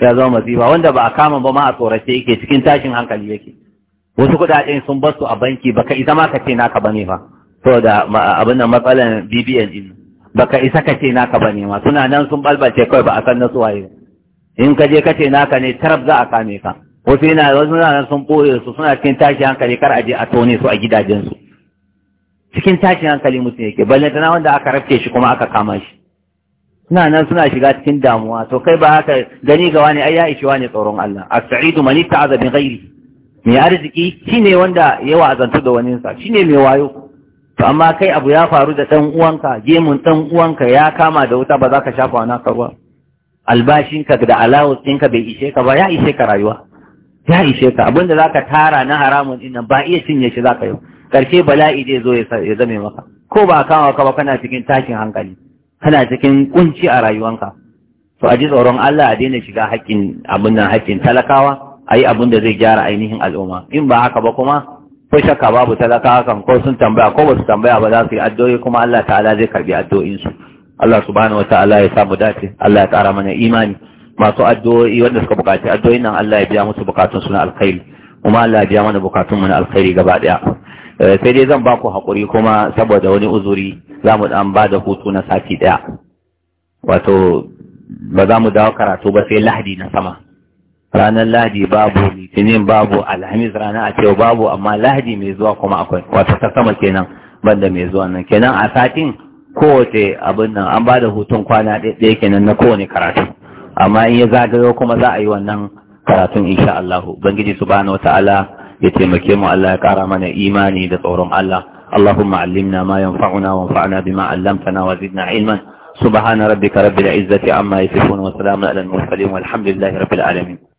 ya zama masifa wanda ba a kama ba ma a tsorace yake cikin tashin hankali yake wasu kudaden sun basu a banki baka ita ma ka ce naka bane fa saboda abin nan matsalan BBN din baka isa ka ce naka ba ma suna nan sun balbace kawai ba a san na suwaye in ka je ka ce naka ne tarab za a kame ka wasu yana wasu nan sun boye su suna cikin tashi hankali kar a je a tone su a gidajen su. cikin tashin hankali mutum yake balle tana wanda aka rafke shi kuma aka kama shi suna nan suna shiga cikin damuwa to kai ba haka gani ga wani ai ya ishi wani tsoron Allah as-sa'idu man ta'aza bi ghairi mai arziki shine wanda yawa azantu da wani sa shine mai wayo to amma kai abu ya faru da ɗan uwanka gemun ɗan uwanka ya kama da wuta ba za ka shafa wani ka ruwa albashinka da allowance ɗinka bai ishe ka ba ya ishe ka rayuwa ya ishe ka abin da za ka tara na haramun ina ba iya cinye shi za ka yi ƙarshe bala'i zai zo ya zame maka ko ba a kama ka ba kana cikin tashin hankali kana cikin kunci a rayuwanka to a ji tsoron Allah a daina shiga haƙƙin abin nan haƙƙin talakawa a yi abin da zai gyara ainihin al'umma in ba haka ba kuma ko shakka babu talaka hakan ko sun tambaya ko basu tambaya ba za su yi addu'o'i kuma Allah ta'ala zai karbi addu'o'in su Allah subhanahu wata'ala ya samu dace Allah ya kara mana imani masu addu'o'i wanda suka bukaci addu'o'in nan Allah ya biya musu bukatun su na alkhairi kuma Allah ya biya mana bukatun mu na alkhairi gaba daya eh, sai dai zan baku ku hakuri kuma saboda wani uzuri za mu dan ba da hutu na sati daya wato ba za mu dawo karatu ba sai lahadi na sama ranar lahadi babu litinin babu alhamis rana a cewa babu amma lahadi mai zuwa kuma akwai wato ta sama kenan banda mai zuwa nan kenan a satin kowace abin nan an ba da hutun kwana ɗaya kenan na kowane karatu amma in ya zagayo kuma za a yi wannan karatun insha Allah ubangiji subhanahu wataala ya taimake mu Allah ya kara mana imani da tsoron Allah اللهم علمنا ما ينفعنا وانفعنا بما علمتنا وزدنا علما سبحان ربك رب العزة عما يصفون وسلام على المرسلين والحمد لله رب العالمين